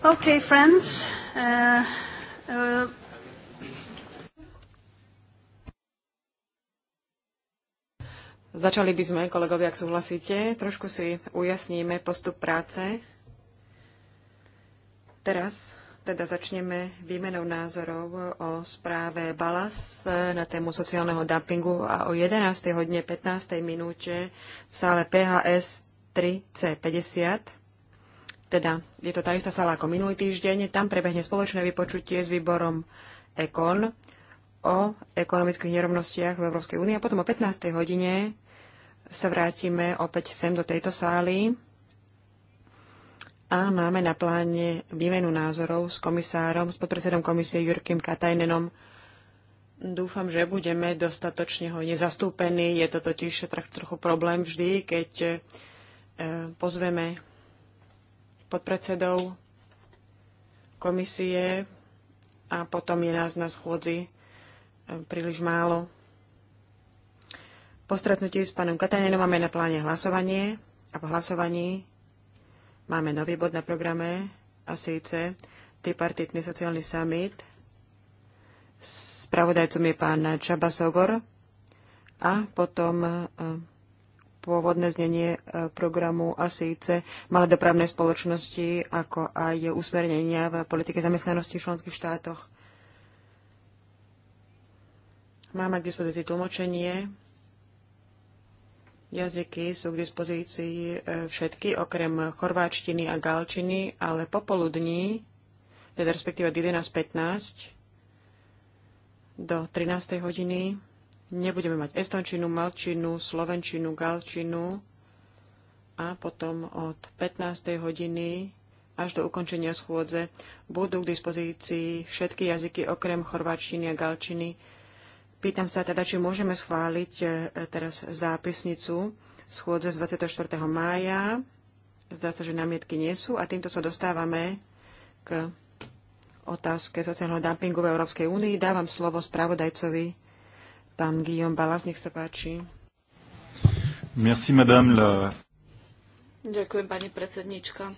Okay, friends. Uh, uh, Začali by sme, kolegovia, ak súhlasíte. Trošku si ujasníme postup práce. Teraz teda začneme výmenou názorov o správe Balas na tému sociálneho dumpingu a o 15. minúte v sále PHS 3C50 teda je to tá istá sala ako minulý týždeň. Tam prebehne spoločné vypočutie s výborom EKON o ekonomických nerovnostiach v Európskej únii a potom o 15. hodine sa vrátime opäť sem do tejto sály a máme na pláne výmenu názorov s komisárom, s podpredsedom komisie Jurkim Katajnenom. Dúfam, že budeme dostatočne ho nezastúpení. Je to totiž trochu problém vždy, keď eh, pozveme podpredsedov komisie a potom je nás na schôdzi e, príliš málo. Po stretnutí s pánom Katanenom máme na pláne hlasovanie a po hlasovaní máme nový bod na programe a síce tripartitný sociálny summit. Spravodajcom je pán Čaba Sogor a potom e, pôvodné znenie e, programu a síce malé dopravné spoločnosti, ako aj usmernenia v politike zamestnanosti v členských štátoch. Máme k dispozícii tlmočenie. Jazyky sú k dispozícii e, všetky, okrem chorváčtiny a galčiny, ale popoludní, teda respektíve od 11.15 do 13. hodiny, Nebudeme mať estončinu, malčinu, slovenčinu, galčinu a potom od 15. hodiny až do ukončenia schôdze budú k dispozícii všetky jazyky okrem chorváčtiny a galčiny. Pýtam sa teda, či môžeme schváliť e, teraz zápisnicu schôdze z 24. mája. Zdá sa, že námietky nie sú a týmto sa dostávame k otázke sociálneho dumpingu v Európskej únii. Dávam slovo spravodajcovi Pán Guillaume Balas, nech sa páči. Merci, madame la... Ďakujem, pani predsednička.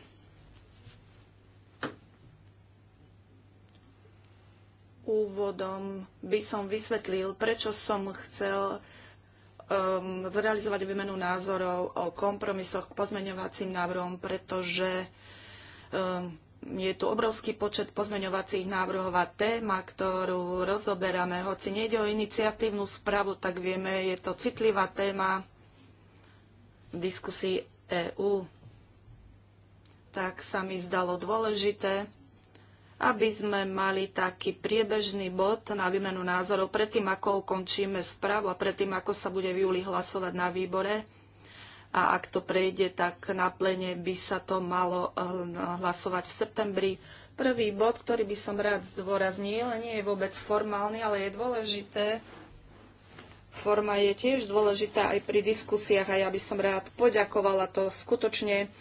Úvodom by som vysvetlil, prečo som chcel um, zrealizovať výmenu názorov o kompromisoch k pozmeňovacím návrhom, pretože um, je tu obrovský počet pozmeňovacích návrhov a téma, ktorú rozoberáme. Hoci nejde o iniciatívnu správu, tak vieme, je to citlivá téma v diskusii EÚ. Tak sa mi zdalo dôležité, aby sme mali taký priebežný bod na výmenu názorov predtým, ako ukončíme správu a predtým, ako sa bude v júli hlasovať na výbore a ak to prejde, tak na plene by sa to malo eh, hlasovať v septembri. Prvý bod, ktorý by som rád zdôraznil, nie je vôbec formálny, ale je dôležité. Forma je tiež dôležitá aj pri diskusiách a ja by som rád poďakovala to skutočne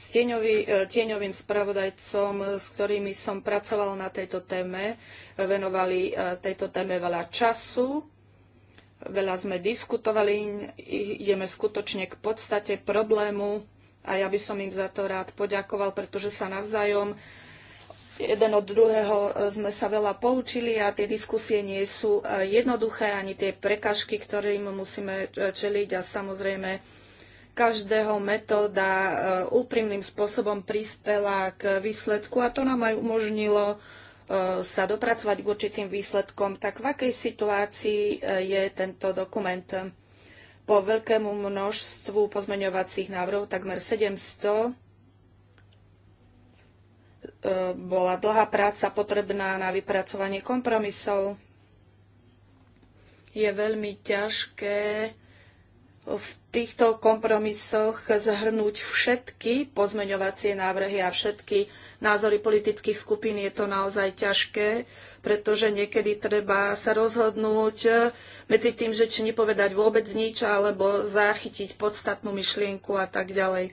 s tieňový, eh, tieňovým spravodajcom, s ktorými som pracovala na tejto téme. Venovali eh, tejto téme veľa času Veľa sme diskutovali, ideme skutočne k podstate problému a ja by som im za to rád poďakoval, pretože sa navzájom jeden od druhého e, sme sa veľa poučili a tie diskusie nie sú e, jednoduché, ani tie prekažky, ktorým musíme e, čeliť a samozrejme každého metóda úprimným spôsobom prispela k výsledku a to nám aj umožnilo E, sa dopracovať k určitým výsledkom, tak v akej situácii e, je tento dokument? Po veľkému množstvu pozmeňovacích návrhov, takmer 700, e, bola dlhá práca potrebná na vypracovanie kompromisov. Je veľmi ťažké v týchto kompromisoch zhrnúť všetky pozmeňovacie návrhy a všetky názory politických skupín. Je to naozaj ťažké, pretože niekedy treba sa rozhodnúť e, medzi tým, že či nepovedať vôbec nič, alebo zachytiť podstatnú myšlienku a tak ďalej.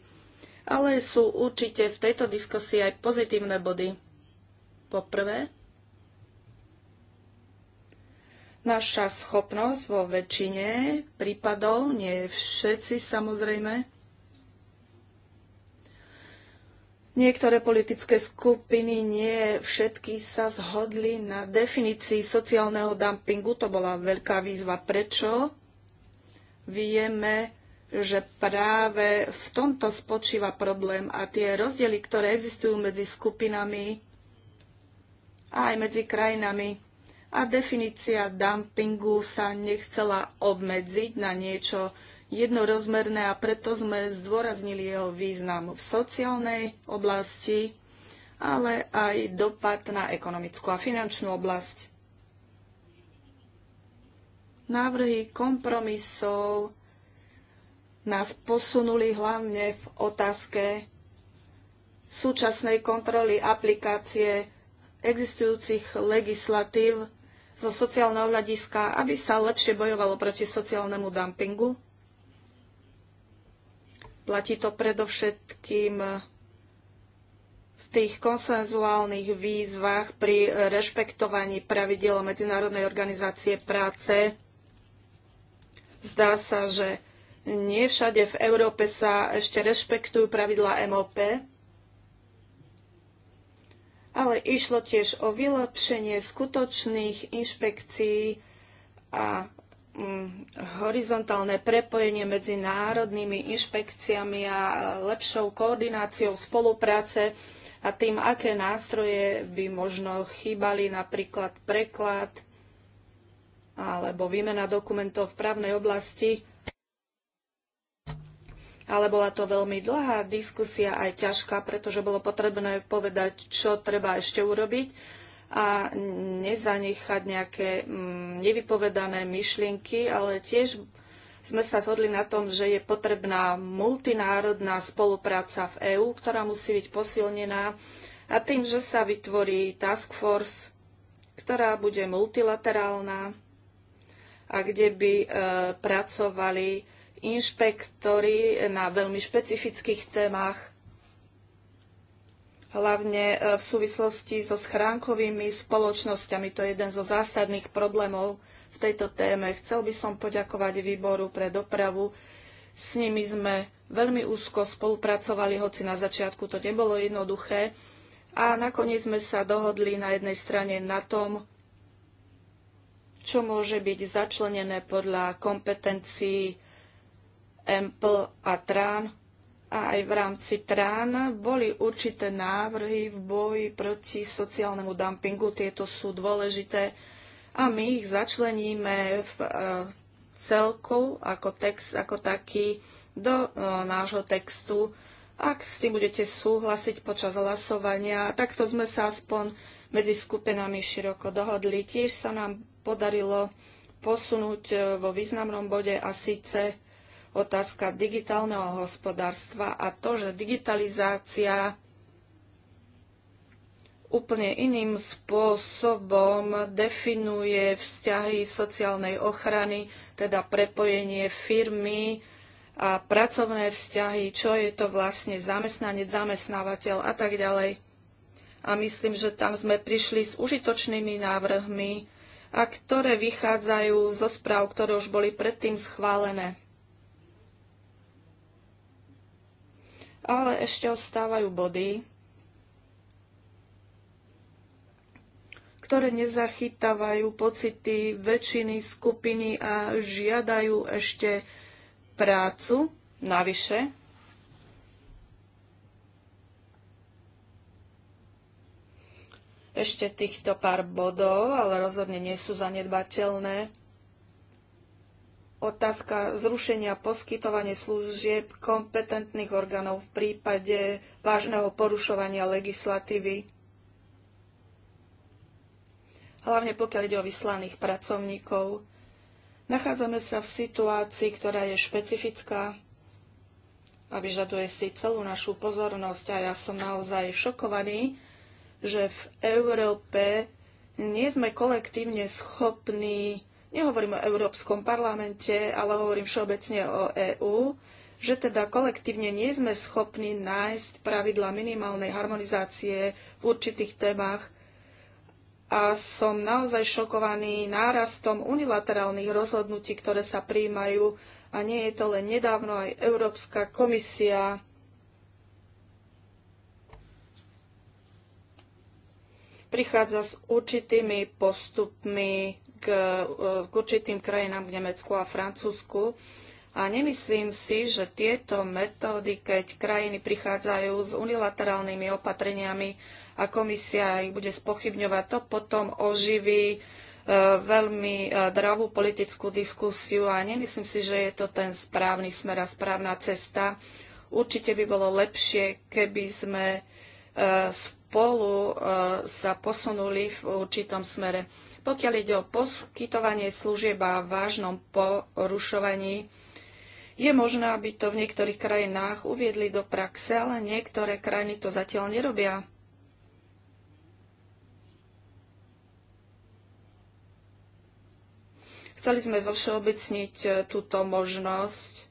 Ale sú určite v tejto diskusii aj pozitívne body. Poprvé, Naša schopnosť vo väčšine prípadov, nie všetci samozrejme, Niektoré politické skupiny, nie všetky sa zhodli na definícii sociálneho dumpingu. To bola veľká výzva. Prečo? Vieme, že práve v tomto spočíva problém a tie rozdiely, ktoré existujú medzi skupinami a aj medzi krajinami, a definícia dumpingu sa nechcela obmedziť na niečo jednorozmerné a preto sme zdôraznili jeho význam v sociálnej oblasti, ale aj dopad na ekonomickú a finančnú oblasť. Návrhy kompromisov nás posunuli hlavne v otázke súčasnej kontroly aplikácie existujúcich legislatív zo sociálneho hľadiska, aby sa lepšie bojovalo proti sociálnemu dumpingu. Platí to predovšetkým v tých konsenzuálnych výzvach pri rešpektovaní pravidel Medzinárodnej organizácie práce. Zdá sa, že nie všade v Európe sa ešte rešpektujú pravidlá MOP, ale išlo tiež o vylepšenie skutočných inšpekcií a mm, horizontálne prepojenie medzi národnými inšpekciami a lepšou koordináciou spolupráce a tým, aké nástroje by možno chýbali, napríklad preklad alebo výmena dokumentov v právnej oblasti ale bola to veľmi dlhá diskusia, aj ťažká, pretože bolo potrebné povedať, čo treba ešte urobiť a nezanechať nejaké mm, nevypovedané myšlienky, ale tiež sme sa zhodli na tom, že je potrebná multinárodná spolupráca v EÚ, ktorá musí byť posilnená a tým, že sa vytvorí task force, ktorá bude multilaterálna a kde by e, pracovali inšpektori na veľmi špecifických témach, hlavne e, v súvislosti so schránkovými spoločnosťami. To je jeden zo zásadných problémov v tejto téme. Chcel by som poďakovať výboru pre dopravu. S nimi sme veľmi úzko spolupracovali, hoci na začiatku to nebolo jednoduché. A nakoniec sme sa dohodli na jednej strane na tom, čo môže byť začlenené podľa kompetencií EMPL a TRAN a aj v rámci TRAN boli určité návrhy v boji proti sociálnemu dumpingu. Tieto sú dôležité a my ich začleníme v e, celku ako text, ako taký do e, nášho textu. Ak s tým budete súhlasiť počas hlasovania, takto sme sa aspoň medzi skupinami široko dohodli. Tiež sa nám podarilo posunúť e, vo významnom bode a síce otázka digitálneho hospodárstva a to, že digitalizácia úplne iným spôsobom definuje vzťahy sociálnej ochrany, teda prepojenie firmy a pracovné vzťahy, čo je to vlastne zamestnanec, zamestnávateľ a tak ďalej. A myslím, že tam sme prišli s užitočnými návrhmi, a ktoré vychádzajú zo správ, ktoré už boli predtým schválené. ale ešte ostávajú body, ktoré nezachytávajú pocity väčšiny skupiny a žiadajú ešte prácu navyše. Ešte týchto pár bodov, ale rozhodne nie sú zanedbateľné otázka zrušenia poskytovania služieb kompetentných orgánov v prípade vážneho porušovania legislatívy. Hlavne pokiaľ ide o vyslaných pracovníkov. Nachádzame sa v situácii, ktorá je špecifická a vyžaduje si celú našu pozornosť. A ja som naozaj šokovaný, že v Európe nie sme kolektívne schopní nehovorím o Európskom parlamente, ale hovorím všeobecne o EÚ, že teda kolektívne nie sme schopní nájsť pravidla minimálnej harmonizácie v určitých témach a som naozaj šokovaný nárastom unilaterálnych rozhodnutí, ktoré sa príjmajú a nie je to len nedávno aj Európska komisia prichádza s určitými postupmi k, e, k určitým krajinám, k Nemecku a Francúzsku. A nemyslím si, že tieto metódy, keď krajiny prichádzajú s unilaterálnymi opatreniami a komisia ich bude spochybňovať, to potom oživí e, veľmi e, dravú politickú diskusiu a nemyslím si, že je to ten správny smer a správna cesta. Určite by bolo lepšie, keby sme spolu sa posunuli v určitom smere. Pokiaľ ide o poskytovanie služieb a vážnom porušovaní, je možné, aby to v niektorých krajinách uviedli do praxe, ale niektoré krajiny to zatiaľ nerobia. Chceli sme zovšeobecniť e, túto možnosť.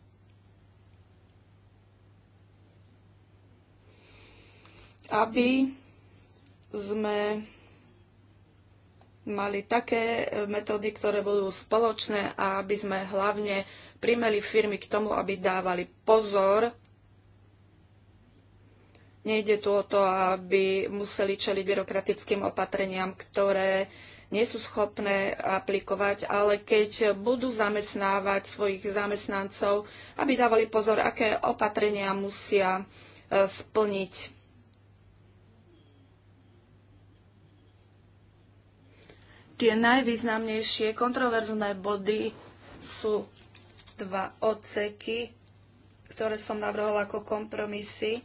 aby sme mali také e, metódy, ktoré budú spoločné a aby sme hlavne primeli firmy k tomu, aby dávali pozor. Nejde tu o to, aby museli čeliť byrokratickým opatreniam, ktoré nie sú schopné aplikovať, ale keď budú zamestnávať svojich zamestnancov, aby dávali pozor, aké opatrenia musia e, splniť Tie najvýznamnejšie kontroverzné body sú dva odseky, ktoré som navrhol ako kompromisy. E,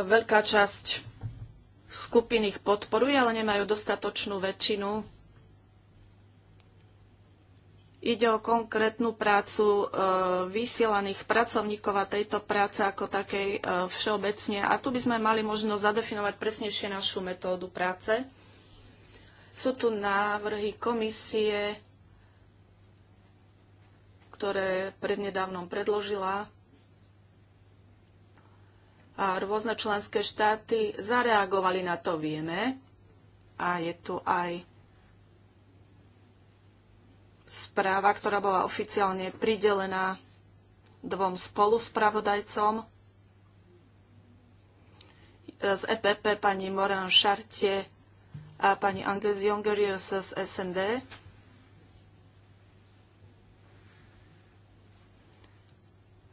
veľká časť skupiny ich podporuje, ale nemajú dostatočnú väčšinu Ide o konkrétnu prácu e, vysielaných pracovníkov a tejto práce ako takej e, všeobecne. A tu by sme mali možnosť zadefinovať presnejšie našu metódu práce. Sú tu návrhy komisie, ktoré prednedávnom predložila a rôzne členské štáty zareagovali na to, vieme. A je tu aj správa, ktorá bola oficiálne pridelená dvom spoluspravodajcom z EPP pani Moran Šartie a pani Anges Jongerius z SND.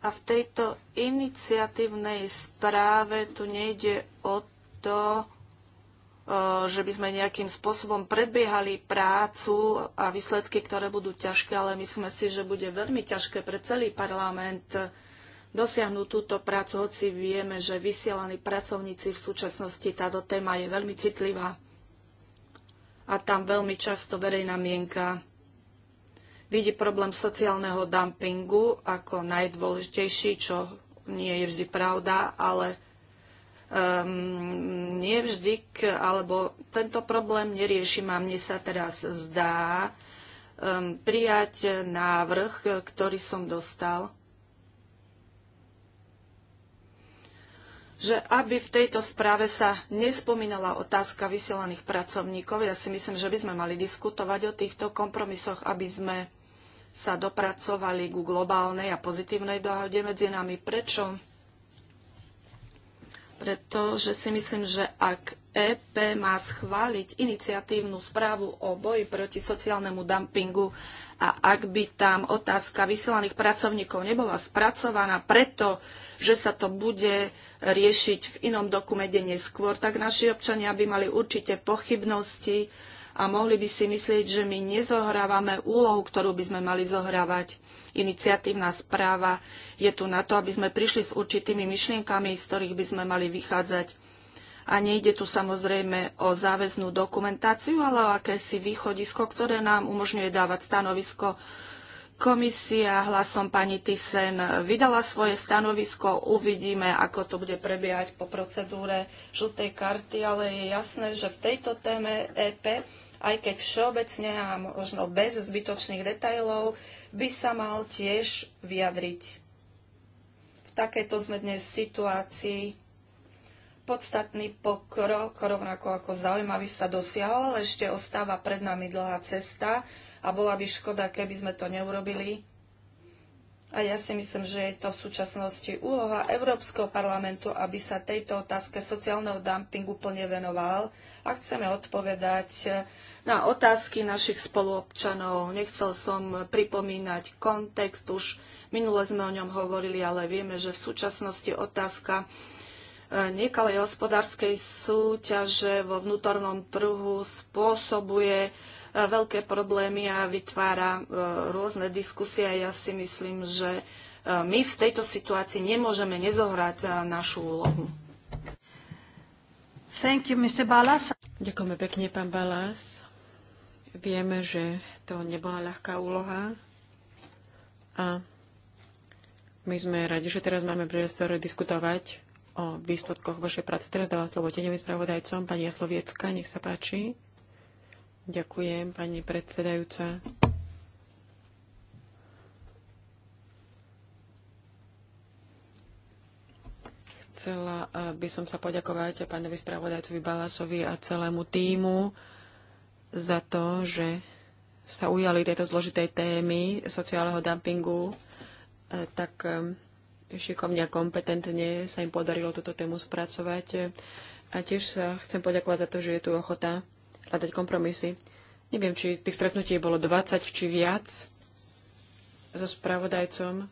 A v tejto iniciatívnej správe tu nejde o to, E, že by sme nejakým spôsobom predbiehali prácu a výsledky, ktoré budú ťažké, ale myslíme si, že bude veľmi ťažké pre celý parlament dosiahnuť túto prácu, hoci vieme, že vysielaní pracovníci v súčasnosti táto téma je veľmi citlivá a tam veľmi často verejná mienka vidí problém sociálneho dumpingu ako najdôležitejší, čo nie je vždy pravda, ale um, ehm, nie vždy, alebo tento problém neriešim a mne sa teraz zdá um, prijať návrh, ktorý som dostal, že aby v tejto správe sa nespomínala otázka vysielaných pracovníkov. Ja si myslím, že by sme mali diskutovať o týchto kompromisoch, aby sme sa dopracovali ku globálnej a pozitívnej dohode medzi nami. Prečo? pretože si myslím, že ak EP má schváliť iniciatívnu správu o boji proti sociálnemu dumpingu a ak by tam otázka vysielaných pracovníkov nebola spracovaná preto, že sa to bude riešiť v inom dokumente neskôr, tak naši občania by mali určite pochybnosti, a mohli by si myslieť, že my nezohrávame úlohu, ktorú by sme mali zohrávať. Iniciatívna správa je tu na to, aby sme prišli s určitými myšlienkami, z ktorých by sme mali vychádzať. A nejde tu samozrejme o záväznú dokumentáciu, ale o akési východisko, ktoré nám umožňuje dávať stanovisko Komisia hlasom pani Tysen vydala svoje stanovisko. Uvidíme, ako to bude prebiehať po procedúre žltej karty, ale je jasné, že v tejto téme EP aj keď všeobecne a možno bez zbytočných detajlov by sa mal tiež vyjadriť. V takéto sme dnes situácii podstatný pokrok, rovnako ako zaujímavý sa dosiahol, ale ešte ostáva pred nami dlhá cesta a bola by škoda, keby sme to neurobili. A ja si myslím, že je to v súčasnosti úloha Európskeho parlamentu, aby sa tejto otázke sociálneho dumpingu plne venoval a chceme odpovedať eh, na otázky našich spoluobčanov. Nechcel som pripomínať kontext, už minule sme o ňom hovorili, ale vieme, že v súčasnosti otázka eh, nekalej hospodárskej súťaže vo vnútornom trhu spôsobuje eh, veľké problémy a vytvára rôzne diskusie. Ja si myslím, že my v tejto situácii nemôžeme nezohrať našu úlohu. Thank you, Mr. Balas. Ďakujeme pekne, pán Balas. Vieme, že to nebola ľahká úloha a my sme radi, že teraz máme priestor diskutovať o výsledkoch vašej práce. Teraz dávam slovo tenevým spravodajcom, pani Jasloviecka, nech sa páči. Ďakujem, pani predsedajúca. Chcela eh, by som sa poďakovať pánovi spravodajcovi Balasovi a celému týmu za to, že sa ujali tejto zložitej témy sociálneho dumpingu eh, tak eh, šikovne a kompetentne sa im podarilo túto tému spracovať. A tiež sa chcem poďakovať za to, že je tu ochota hľadať kompromisy. Neviem, či tých stretnutí bolo 20 či viac so spravodajcom.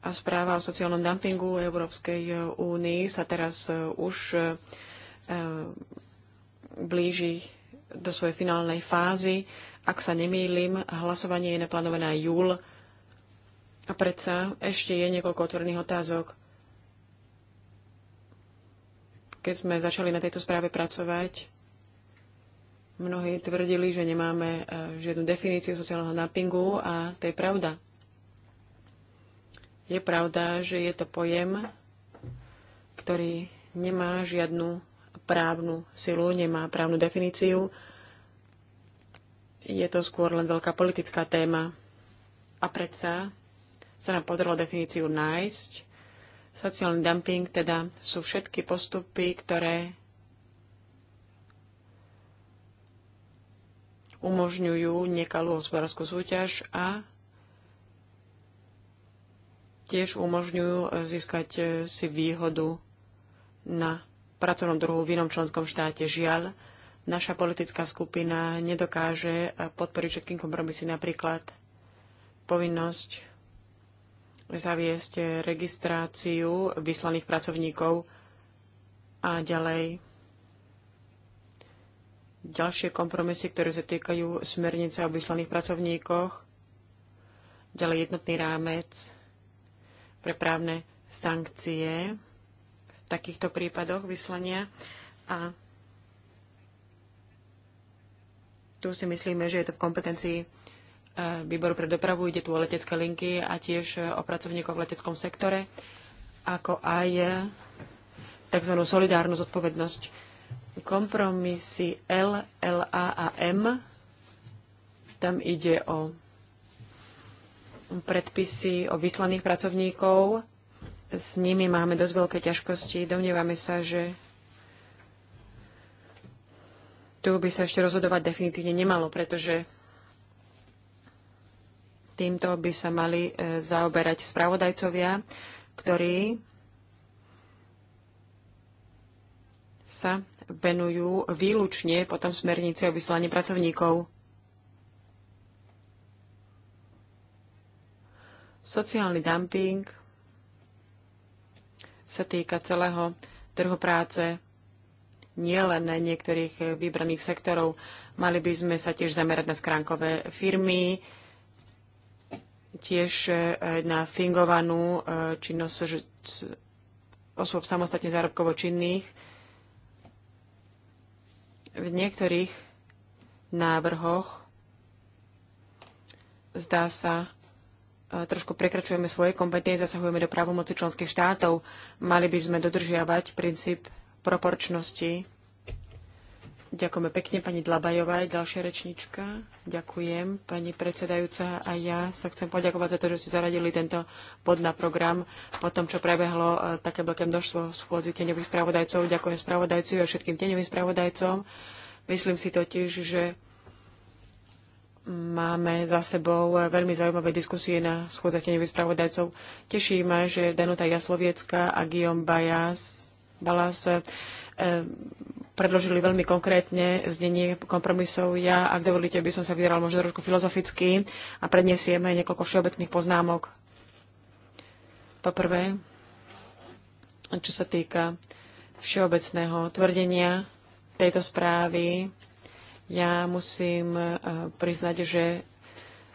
A správa o sociálnom dumpingu Európskej e, únii sa teraz e, už e, blíži do svojej finálnej fázy. Ak sa nemýlim, hlasovanie je naplánované na júl. A predsa ešte je niekoľko otvorených otázok. Keď sme začali na tejto správe pracovať, mnohí tvrdili, že nemáme žiadnu definíciu sociálneho dumpingu a to je pravda. Je pravda, že je to pojem, ktorý nemá žiadnu právnu silu, nemá právnu definíciu. Je to skôr len veľká politická téma. A predsa sa nám podarilo definíciu nájsť. Sociálny dumping teda sú všetky postupy, ktoré umožňujú nekalú hospodárskú súťaž a tiež umožňujú eh, získať eh, si výhodu na pracovnom druhu v inom členskom štáte. Žiaľ, naša politická skupina nedokáže eh, podporiť všetkým kompromisy, napríklad povinnosť zaviesť registráciu vyslaných pracovníkov a ďalej ďalšie kompromisy, ktoré sa týkajú smernice o vyslaných pracovníkoch, ďalej jednotný rámec pre právne sankcie v takýchto prípadoch vyslania a tu si myslíme, že je to v kompetencii e, výboru pre dopravu, ide tu o letecké linky a tiež o pracovníkov v leteckom sektore, ako aj tzv. solidárnu zodpovednosť. Kompromisy L, a M, tam ide o predpisy o vyslaných pracovníkov. S nimi máme dosť veľké ťažkosti. Domnievame sa, že tu by sa ešte rozhodovať definitívne nemalo, pretože týmto by sa mali e, zaoberať spravodajcovia, ktorí sa venujú výlučne potom smernice o vyslaní pracovníkov. Sociálny dumping sa týka celého trhu práce, nielen niektorých vybraných sektorov. Mali by sme sa tiež zamerať na skránkové firmy, tiež e, na fingovanú e, činnosť osôb samostatne zárobkovo činných. V niektorých návrhoch zdá sa, trošku prekračujeme svoje kompetencie, zasahujeme do právomoci členských štátov. Mali by sme dodržiavať princíp proporčnosti. Ďakujeme pekne pani Dlabajová, aj ďalšia rečnička. Ďakujem pani predsedajúca a ja sa chcem poďakovať za to, že ste zaradili tento bod na program po tom, čo prebehlo e, také veľké množstvo schôdzi teňových spravodajcov. Ďakujem spravodajcu a všetkým teňovým spravodajcom. Myslím si totiž, že máme za sebou veľmi zaujímavé diskusie na schôdze tenevých spravodajcov. Teší ma, že Danuta Jasloviecka a Guillaume Bajas, Balas eh, predložili veľmi konkrétne znenie kompromisov. Ja, ak dovolíte, by som sa vydaral možno trošku filozoficky a predniesieme niekoľko všeobecných poznámok. Poprvé, čo sa týka všeobecného tvrdenia tejto správy, ja musím e, priznať, že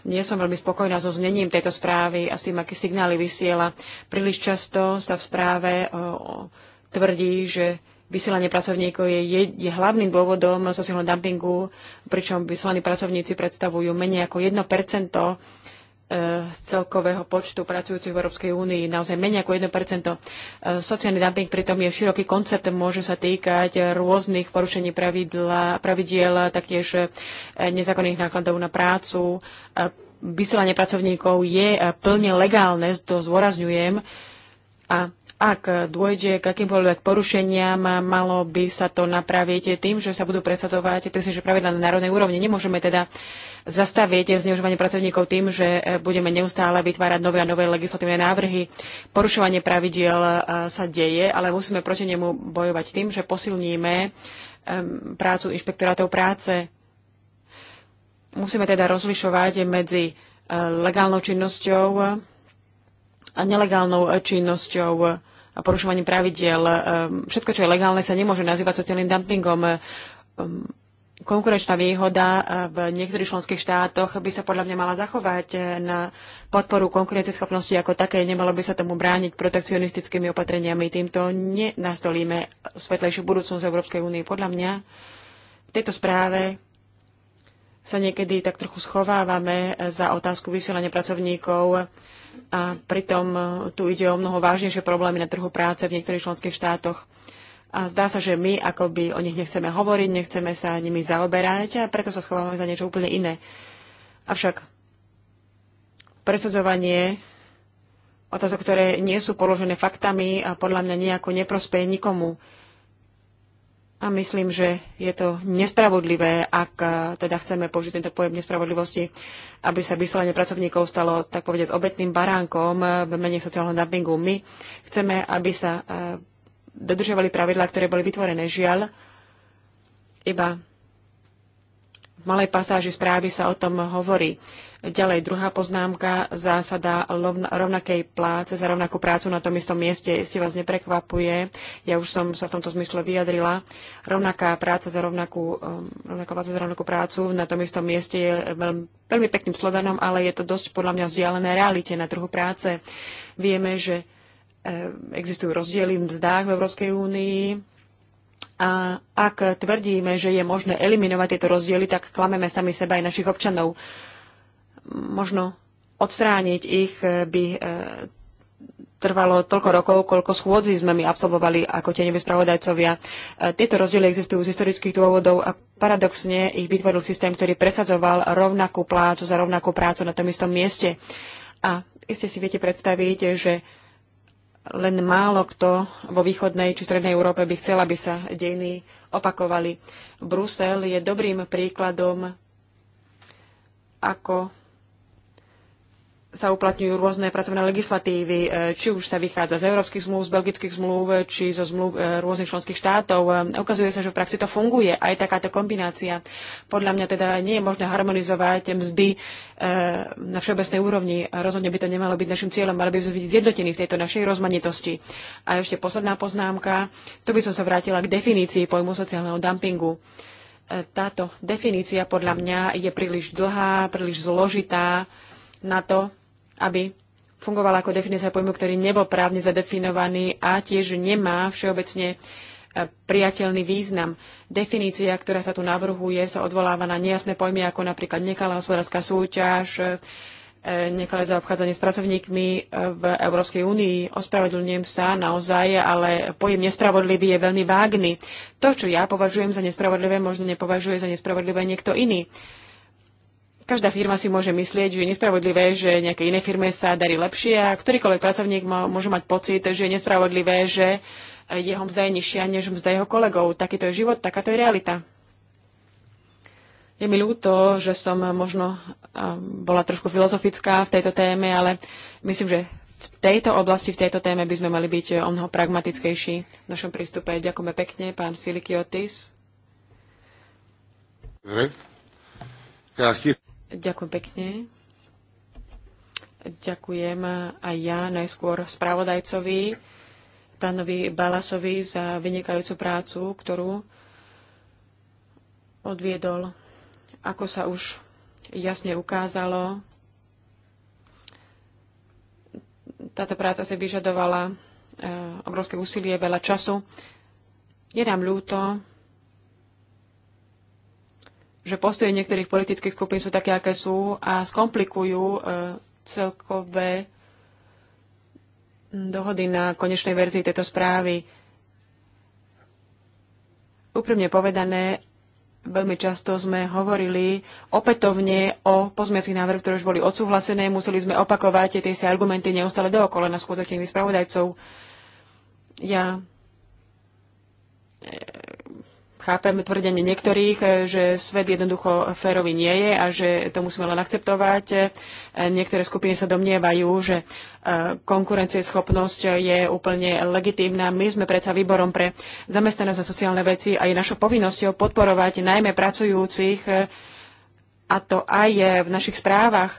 nie som veľmi spokojná so znením tejto správy a s tým, aké signály vysiela. Príliš často sa v správe e, tvrdí, že vysielanie pracovníkov je, je, je hlavným dôvodom sociálneho dumpingu, pričom vysielaní pracovníci predstavujú menej ako 1 E, z celkového počtu pracujúcich v Európskej únii naozaj menej ako 1%. E, sociálny dumping pritom je široký koncept, môže sa týkať rôznych porušení pravidla, pravidiel, taktiež e, nezákonných nákladov na prácu. Vysielanie pracovníkov je plne legálne, to zdôrazňujem. A ak dôjde k akýmkoľvek porušeniam, malo by sa to napraviť tým, že sa budú presadzovať že pravidla na národnej úrovni. Nemôžeme teda zastaviť zneužívanie pracovníkov tým, že budeme neustále vytvárať nové a nové legislatívne návrhy. Porušovanie pravidiel e, sa deje, ale musíme proti nemu bojovať tým, že posilníme e, prácu inšpektorátov práce. Musíme teda rozlišovať medzi e, legálnou činnosťou a nelegálnou e, činnosťou e, a porušovaním pravidiel. E, všetko, čo je legálne, sa nemôže nazývať sociálnym dumpingom. Um, konkurenčná výhoda v niektorých členských štátoch by sa podľa mňa mala zachovať na podporu konkurencieschopnosti ako také. Nemalo by sa tomu brániť protekcionistickými opatreniami. Týmto nenastolíme svetlejšiu budúcnosť Európskej únie. Podľa mňa v tejto správe sa niekedy tak trochu schovávame za otázku vysielania pracovníkov a pritom e, tu ide o mnoho vážnejšie problémy na trhu práce v niektorých členských štátoch. A zdá sa, že my akoby o nich nechceme hovoriť, nechceme sa nimi zaoberať a preto sa schovávame za niečo úplne iné. Avšak presadzovanie otázok, ktoré nie sú položené faktami a podľa mňa nejako neprospeje nikomu. A myslím, že je to nespravodlivé, ak e, teda chceme použiť tento pojem nespravodlivosti, aby sa vyslanie pracovníkov stalo, tak povedať, obetným baránkom e, v mene sociálneho dumpingu. My chceme, aby sa e, dodržovali pravidlá, ktoré boli vytvorené. Žiaľ, iba v malej pasáži správy sa o tom hovorí. Ďalej druhá poznámka, zásada rovnakej pláce za rovnakú prácu na tom istom mieste. Jestli vás neprekvapuje, ja už som sa v tomto zmysle vyjadrila, rovnaká práca za rovnakú, um, rovnaká pláca za rovnakú prácu na tom istom mieste je veľmi, veľmi pekným slovenom, ale je to dosť podľa mňa vzdialené realite na trhu práce. Vieme, že e, existujú rozdiely v mzdách v Európskej únii, a ak tvrdíme, že je možné eliminovať tieto rozdiely, tak klameme sami seba aj našich občanov možno odstrániť ich eh, by eh, trvalo toľko rokov, koľko schôdzi sme my absolvovali ako tie spravodajcovia. Eh, tieto rozdiely existujú z historických dôvodov a paradoxne ich vytvoril systém, ktorý presadzoval rovnakú plácu za rovnakú prácu na tom istom mieste. A iste si viete predstaviť, že len málo kto vo východnej či strednej Európe by chcel, aby sa dejiny opakovali. Brusel je dobrým príkladom, ako sa uplatňujú rôzne pracovné legislatívy, e, či už sa vychádza z európskych zmluv, z belgických zmluv, e, či zo zmluv e, rôznych členských štátov. Ukazuje sa, že v praxi to funguje, aj takáto kombinácia. Podľa mňa teda nie je možné harmonizovať mzdy na všeobecnej úrovni. Rozhodne by to nemalo byť našim cieľom, mali by sme byť zjednotení v tejto našej rozmanitosti. A ešte posledná poznámka, tu by som sa vrátila k definícii pojmu sociálneho dumpingu. Táto definícia podľa mňa je príliš dlhá, príliš zložitá na to, aby fungovala ako definícia pojmu, ktorý nebol právne zadefinovaný a tiež nemá všeobecne e, priateľný význam. Definícia, ktorá sa tu navrhuje, sa odvoláva na nejasné pojmy ako napríklad nekalá hospodárska súťaž, e, e, nekalé zaobchádzanie s pracovníkmi v Európskej únii. Ospravedlňujem sa naozaj, ale pojem nespravodlivý je veľmi vágny. To, čo ja považujem za nespravodlivé, možno nepovažuje za nespravodlivé niekto iný. Každá firma si môže myslieť, že je nespravodlivé, že nejaké iné firme sa darí lepšie a ktorýkoľvek pracovník môže mať pocit, že je nespravodlivé, že jeho mzda je nižšia než mzda jeho kolegov. Takýto je život, takáto je realita. Je mi ľúto, že som možno bola trošku filozofická v tejto téme, ale myslím, že v tejto oblasti, v tejto téme by sme mali byť o mnoho pragmatickejší v našom prístupe. Ďakujeme pekne, pán Silikiotis. Dobre. Ja, Ďakujem pekne. Ďakujem aj ja najskôr spravodajcovi, pánovi Balasovi za vynikajúcu prácu, ktorú odviedol. Ako sa už jasne ukázalo, táto práca si vyžadovala eh, obrovské úsilie, veľa času. Je nám ľúto, že postoje niektorých politických skupín sú také, aké sú a skomplikujú e, celkové dohody na konečnej verzii tejto správy. Úprimne povedané, veľmi často sme hovorili opätovne o pozmiacich návrhoch, ktoré už boli odsúhlasené. Museli sme opakovať tie si argumenty neustále dookole na schôdzach tých spravodajcov. Ja e, Chápem tvrdenie niektorých, e, že svet jednoducho férový nie je a že to musíme len akceptovať. E, niektoré skupiny sa domnievajú, že e, konkurencieschopnosť je úplne legitímna. My sme predsa výborom pre zamestnanosť a sociálne veci a je našou povinnosťou podporovať najmä pracujúcich a to aj v našich správach.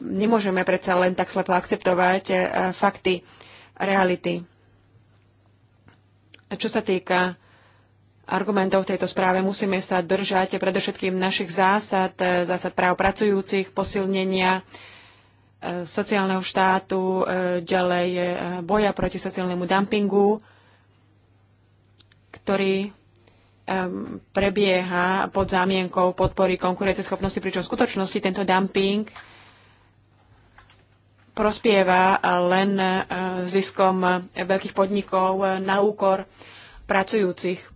Nemôžeme predsa len tak slepo akceptovať fakty, reality. Čo sa týka argumentov v tejto správe. Musíme sa držať predovšetkým našich zásad, e, zásad práv pracujúcich, posilnenia e, sociálneho štátu, e, ďalej boja proti sociálnemu dumpingu, ktorý prebieha pod zámienkou podpory konkurenceschopnosti, pričom v skutočnosti tento dumping prospieva len ziskom veľkých podnikov na úkor pracujúcich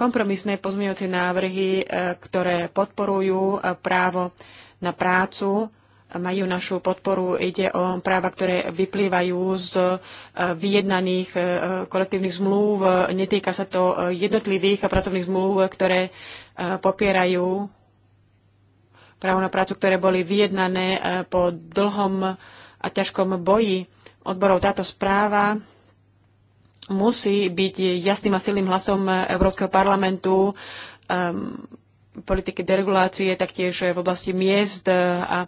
kompromisné pozmeňujúce návrhy, e, ktoré podporujú e, právo na prácu, majú našu podporu. Ide o práva, ktoré vyplývajú z e, vyjednaných kolektívnych zmluv. Netýka sa to jednotlivých pracovných zmluv, ktoré popierajú právo na prácu, ktoré boli vyjednané po dlhom a ťažkom boji odborov. Táto správa musí byť jasným a silným hlasom Európskeho parlamentu um, politiky deregulácie, taktiež v oblasti miest uh, a,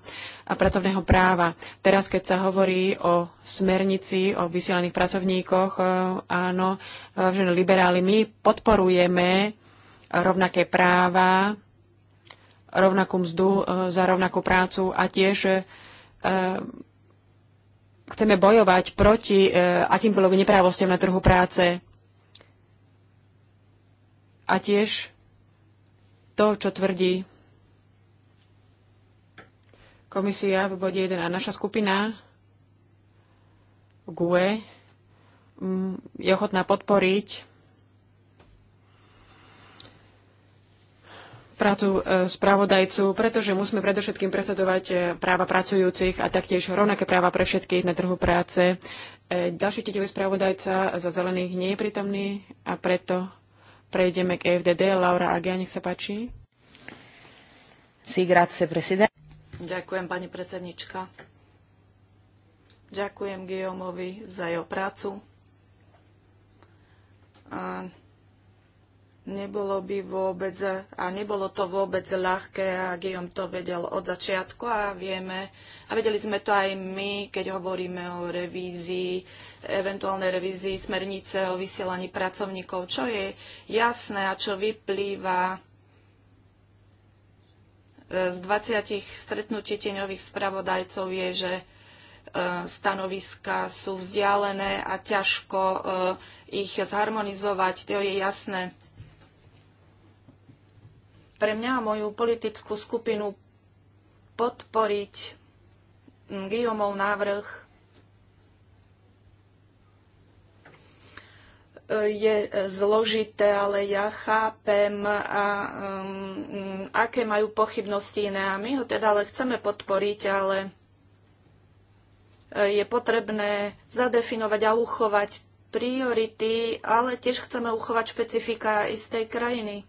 a pracovného práva. Teraz, keď sa hovorí o smernici, o vysielaných pracovníkoch, uh, áno, vážení liberáli, my podporujeme rovnaké práva, rovnakú mzdu uh, za rovnakú prácu a tiež chceme bojovať proti e, akýmkoľvek neprávostiam na trhu práce. A tiež to, čo tvrdí komisia v bode 1 a naša skupina GUE je ochotná podporiť prácu e, spravodajcu, pretože musíme predovšetkým presadovať e, práva pracujúcich a taktiež rovnaké práva pre všetkých na trhu práce. E, ďalší tieťový spravodajca za zelených nie je prítomný a preto prejdeme k EFDD. Laura Agia, nech sa páči. Ďakujem, pani predsednička. Ďakujem Guillaumeovi za jeho prácu. A Nebolo by vôbec, a nebolo to vôbec ľahké a Guillaume to vedel od začiatku a vieme, a vedeli sme to aj my, keď hovoríme o revízii, eventuálnej revízii smernice o vysielaní pracovníkov, čo je jasné a čo vyplýva e, z 20 stretnutí tieňových spravodajcov je, že e, stanoviska sú vzdialené a ťažko e, ich zharmonizovať, to je jasné pre mňa a moju politickú skupinu podporiť mm, Guillaumov návrh e, je zložité, ale ja chápem, a, um, aké majú pochybnosti iné. A my ho teda ale chceme podporiť, ale e, je potrebné zadefinovať a uchovať priority, ale tiež chceme uchovať špecifika istej krajiny.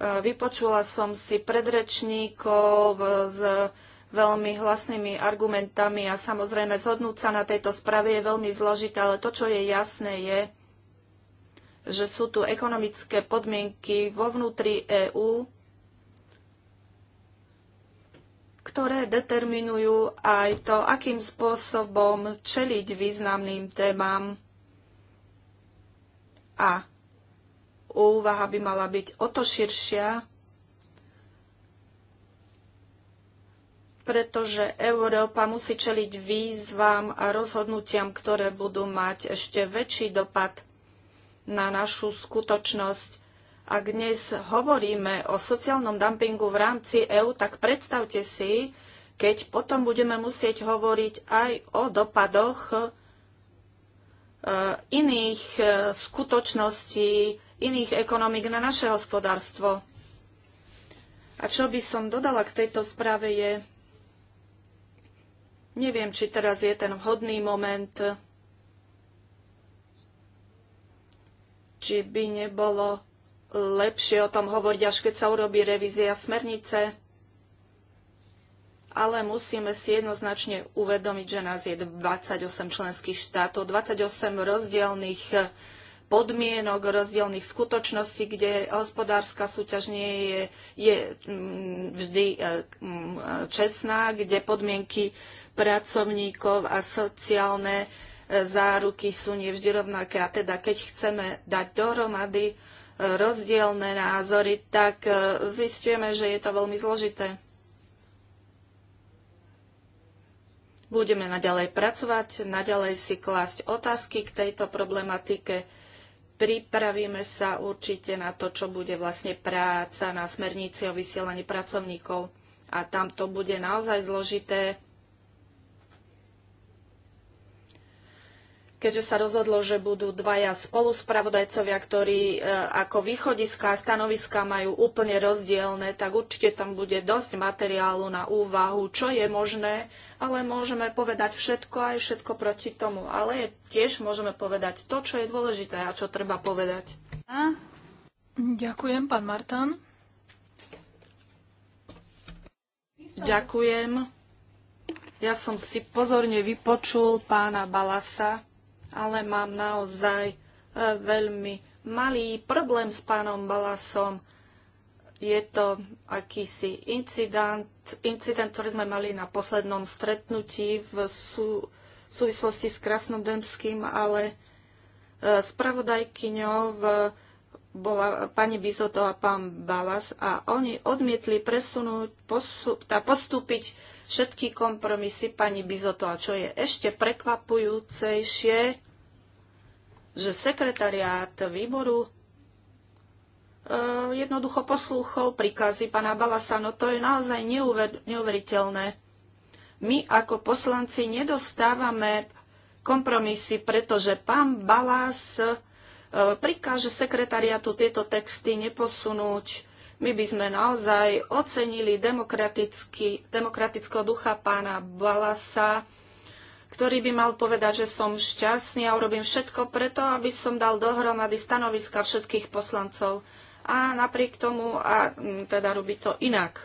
Eh, vypočula som si predrečníkov eh, s veľmi hlasnými argumentami a samozrejme zhodnúť sa na tejto sprave je veľmi zložité, ale to, čo je jasné, je, že sú tu ekonomické podmienky vo vnútri EÚ, ktoré determinujú aj to, akým spôsobom čeliť významným témam a úvaha by mala byť o to širšia, pretože Európa musí čeliť výzvam a rozhodnutiam, ktoré budú mať ešte väčší dopad na našu skutočnosť. Ak dnes hovoríme o sociálnom dumpingu v rámci EÚ, tak predstavte si, keď potom budeme musieť hovoriť aj o dopadoch e, iných e, skutočností, iných ekonomik na naše hospodárstvo. A čo by som dodala k tejto správe je, neviem, či teraz je ten vhodný moment, či by nebolo lepšie o tom hovoriť, až keď sa urobí revízia smernice. Ale musíme si jednoznačne uvedomiť, že nás je 28 členských štátov, 28 rozdielných podmienok, rozdielných skutočností, kde hospodárska súťaž nie je, je mm, vždy e, mm, čestná, kde podmienky pracovníkov a sociálne e, záruky sú nevždy rovnaké. A teda keď chceme dať dohromady e, rozdielne názory, tak zistujeme, že je to veľmi zložité. Budeme naďalej pracovať, naďalej si klásť otázky k tejto problematike pripravíme sa určite na to, čo bude vlastne práca na smernici o vysielaní pracovníkov. A tam to bude naozaj zložité keďže sa rozhodlo, že budú dvaja spoluspravodajcovia, ktorí e, ako východiska a stanoviska majú úplne rozdielne, tak určite tam bude dosť materiálu na úvahu, čo je možné, ale môžeme povedať všetko aj všetko proti tomu. Ale tiež môžeme povedať to, čo je dôležité a čo treba povedať. A? Ďakujem, pán Martan. Ďakujem. Ja som si pozorne vypočul pána Balasa ale mám naozaj e, veľmi malý problém s pánom Balasom. Je to akýsi incident, incident, ktorý sme mali na poslednom stretnutí v, sú, súvislosti s Krasnodemským, ale e, spravodajkyňou e, bola pani Bizoto a pán Balas a oni odmietli presunúť, postup, postúpiť všetky kompromisy pani Bizoto. A čo je ešte prekvapujúcejšie, že sekretariát výboru e, jednoducho poslúchol príkazy pana Balasa. No to je naozaj neuver- neuveriteľné. My ako poslanci nedostávame kompromisy, pretože pán Balas e, prikáže sekretariatu tieto texty neposunúť my by sme naozaj ocenili demokratického ducha pána Balasa, ktorý by mal povedať, že som šťastný a urobím všetko preto, aby som dal dohromady stanoviska všetkých poslancov a napriek tomu a mm, teda robí to inak.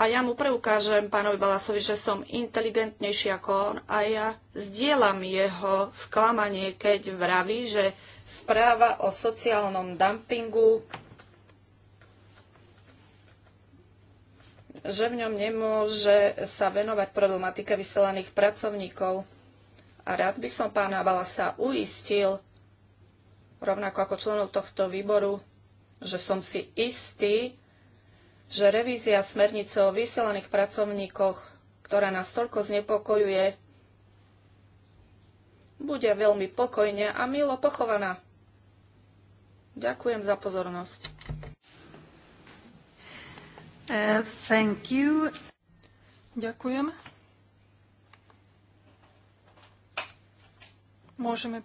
A ja mu preukážem pánovi Balasovi, že som inteligentnejší ako on a ja zdieľam jeho sklamanie, keď vraví, že Správa o sociálnom dumpingu, že v ňom nemôže sa venovať problematike vyselaných pracovníkov. A rád by som pána Balasa uistil, rovnako ako členov tohto výboru, že som si istý, že revízia smernice o vyselaných pracovníkoch, ktorá nás toľko znepokojuje, bude veľmi pokojne a milo pochovaná. Ďakujem za pozornosť. Uh, thank you. Ďakujem. Môžeme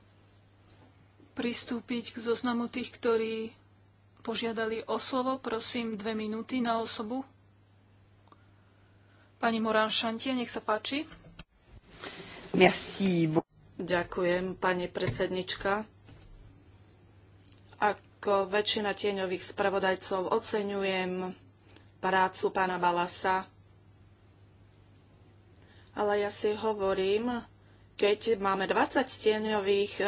pristúpiť k zoznamu tých, ktorí požiadali o slovo. Prosím, dve minúty na osobu. Pani Morán Šantie, nech sa páči. Merci. Ďakujem, pani predsednička. Ako väčšina tieňových spravodajcov oceňujem prácu pána Balasa, ale ja si hovorím, keď máme 20 tieňových e, e,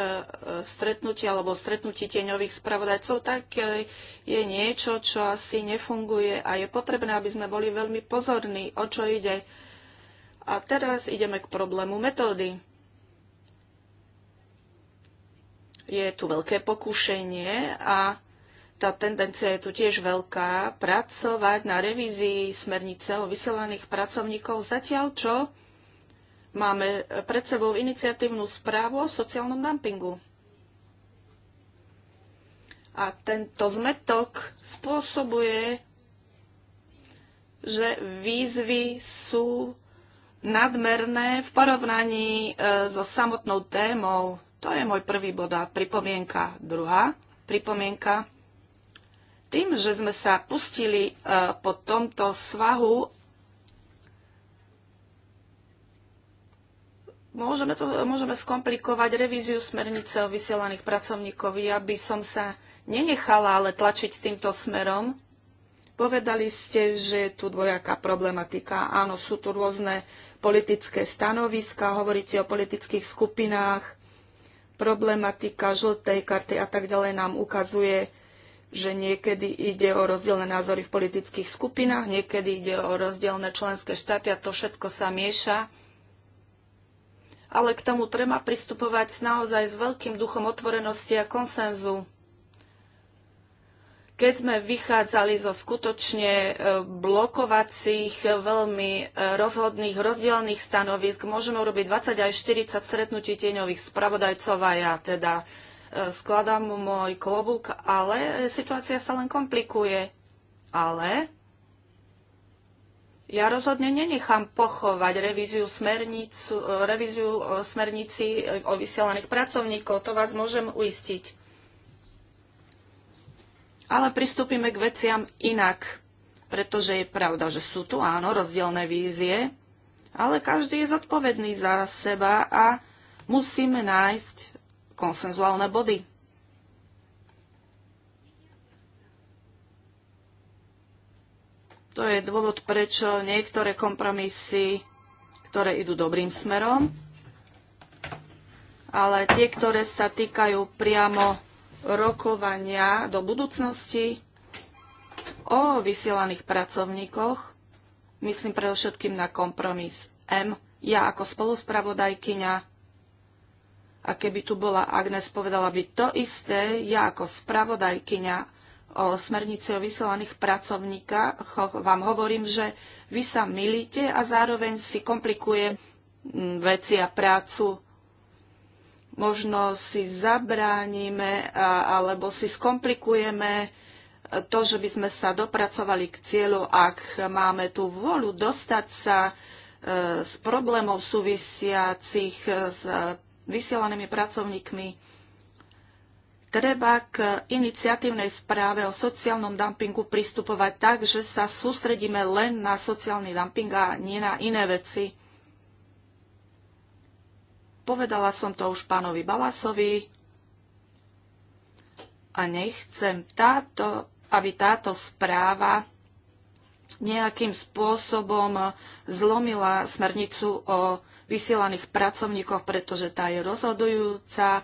stretnutí alebo stretnutí tieňových spravodajcov, tak e, je niečo, čo asi nefunguje a je potrebné, aby sme boli veľmi pozorní, o čo ide. A teraz ideme k problému metódy. je tu veľké pokušenie a tá tendencia je tu tiež veľká, pracovať na revízii smernice o vyselaných pracovníkov, zatiaľ čo máme pred sebou iniciatívnu správu o sociálnom dumpingu. A tento zmetok spôsobuje, že výzvy sú nadmerné v porovnaní e, so samotnou témou to je môj prvý bod a pripomienka druhá. Pripomienka tým, že sme sa pustili e, po tomto svahu, môžeme, to, môžeme skomplikovať revíziu smernice o vysielaných pracovníkovi, aby som sa nenechala ale tlačiť týmto smerom. Povedali ste, že je tu dvojaká problematika. Áno, sú tu rôzne politické stanoviska, hovoríte o politických skupinách, problematika žltej karty a tak ďalej nám ukazuje, že niekedy ide o rozdielne názory v politických skupinách, niekedy ide o rozdielne členské štáty a to všetko sa mieša. Ale k tomu treba pristupovať naozaj s veľkým duchom otvorenosti a konsenzu keď sme vychádzali zo skutočne e, blokovacích, e, veľmi e, rozhodných, rozdielných stanovisk, môžeme urobiť 20 až 40 stretnutí tieňových spravodajcov a ja teda skladám mu môj klobúk, ale situácia sa len komplikuje. Ale ja rozhodne nenechám pochovať revíziu, smernicu, revíziu smernici o vysielaných pracovníkov, to vás môžem uistiť ale pristúpime k veciam inak, pretože je pravda, že sú tu áno rozdielne vízie, ale každý je zodpovedný za seba a musíme nájsť konsenzuálne body. To je dôvod, prečo niektoré kompromisy, ktoré idú dobrým smerom, ale tie, ktoré sa týkajú priamo rokovania do budúcnosti o vysielaných pracovníkoch, myslím predovšetkým na kompromis M. Ja ako spoluspravodajkyňa, a keby tu bola Agnes, povedala by to isté, ja ako spravodajkyňa o smernici o vysielaných pracovníkoch vám hovorím, že vy sa milíte a zároveň si komplikuje mm, veci a prácu možno si zabránime alebo si skomplikujeme to, že by sme sa dopracovali k cieľu, ak máme tú vôľu dostať sa e, z problémov súvisiacich e, s vysielanými pracovníkmi. Treba k iniciatívnej správe o sociálnom dumpingu pristupovať tak, že sa sústredíme len na sociálny dumping a nie na iné veci Povedala som to už pánovi Balasovi a nechcem táto, aby táto správa nejakým spôsobom zlomila smernicu o vysielaných pracovníkoch, pretože tá je rozhodujúca.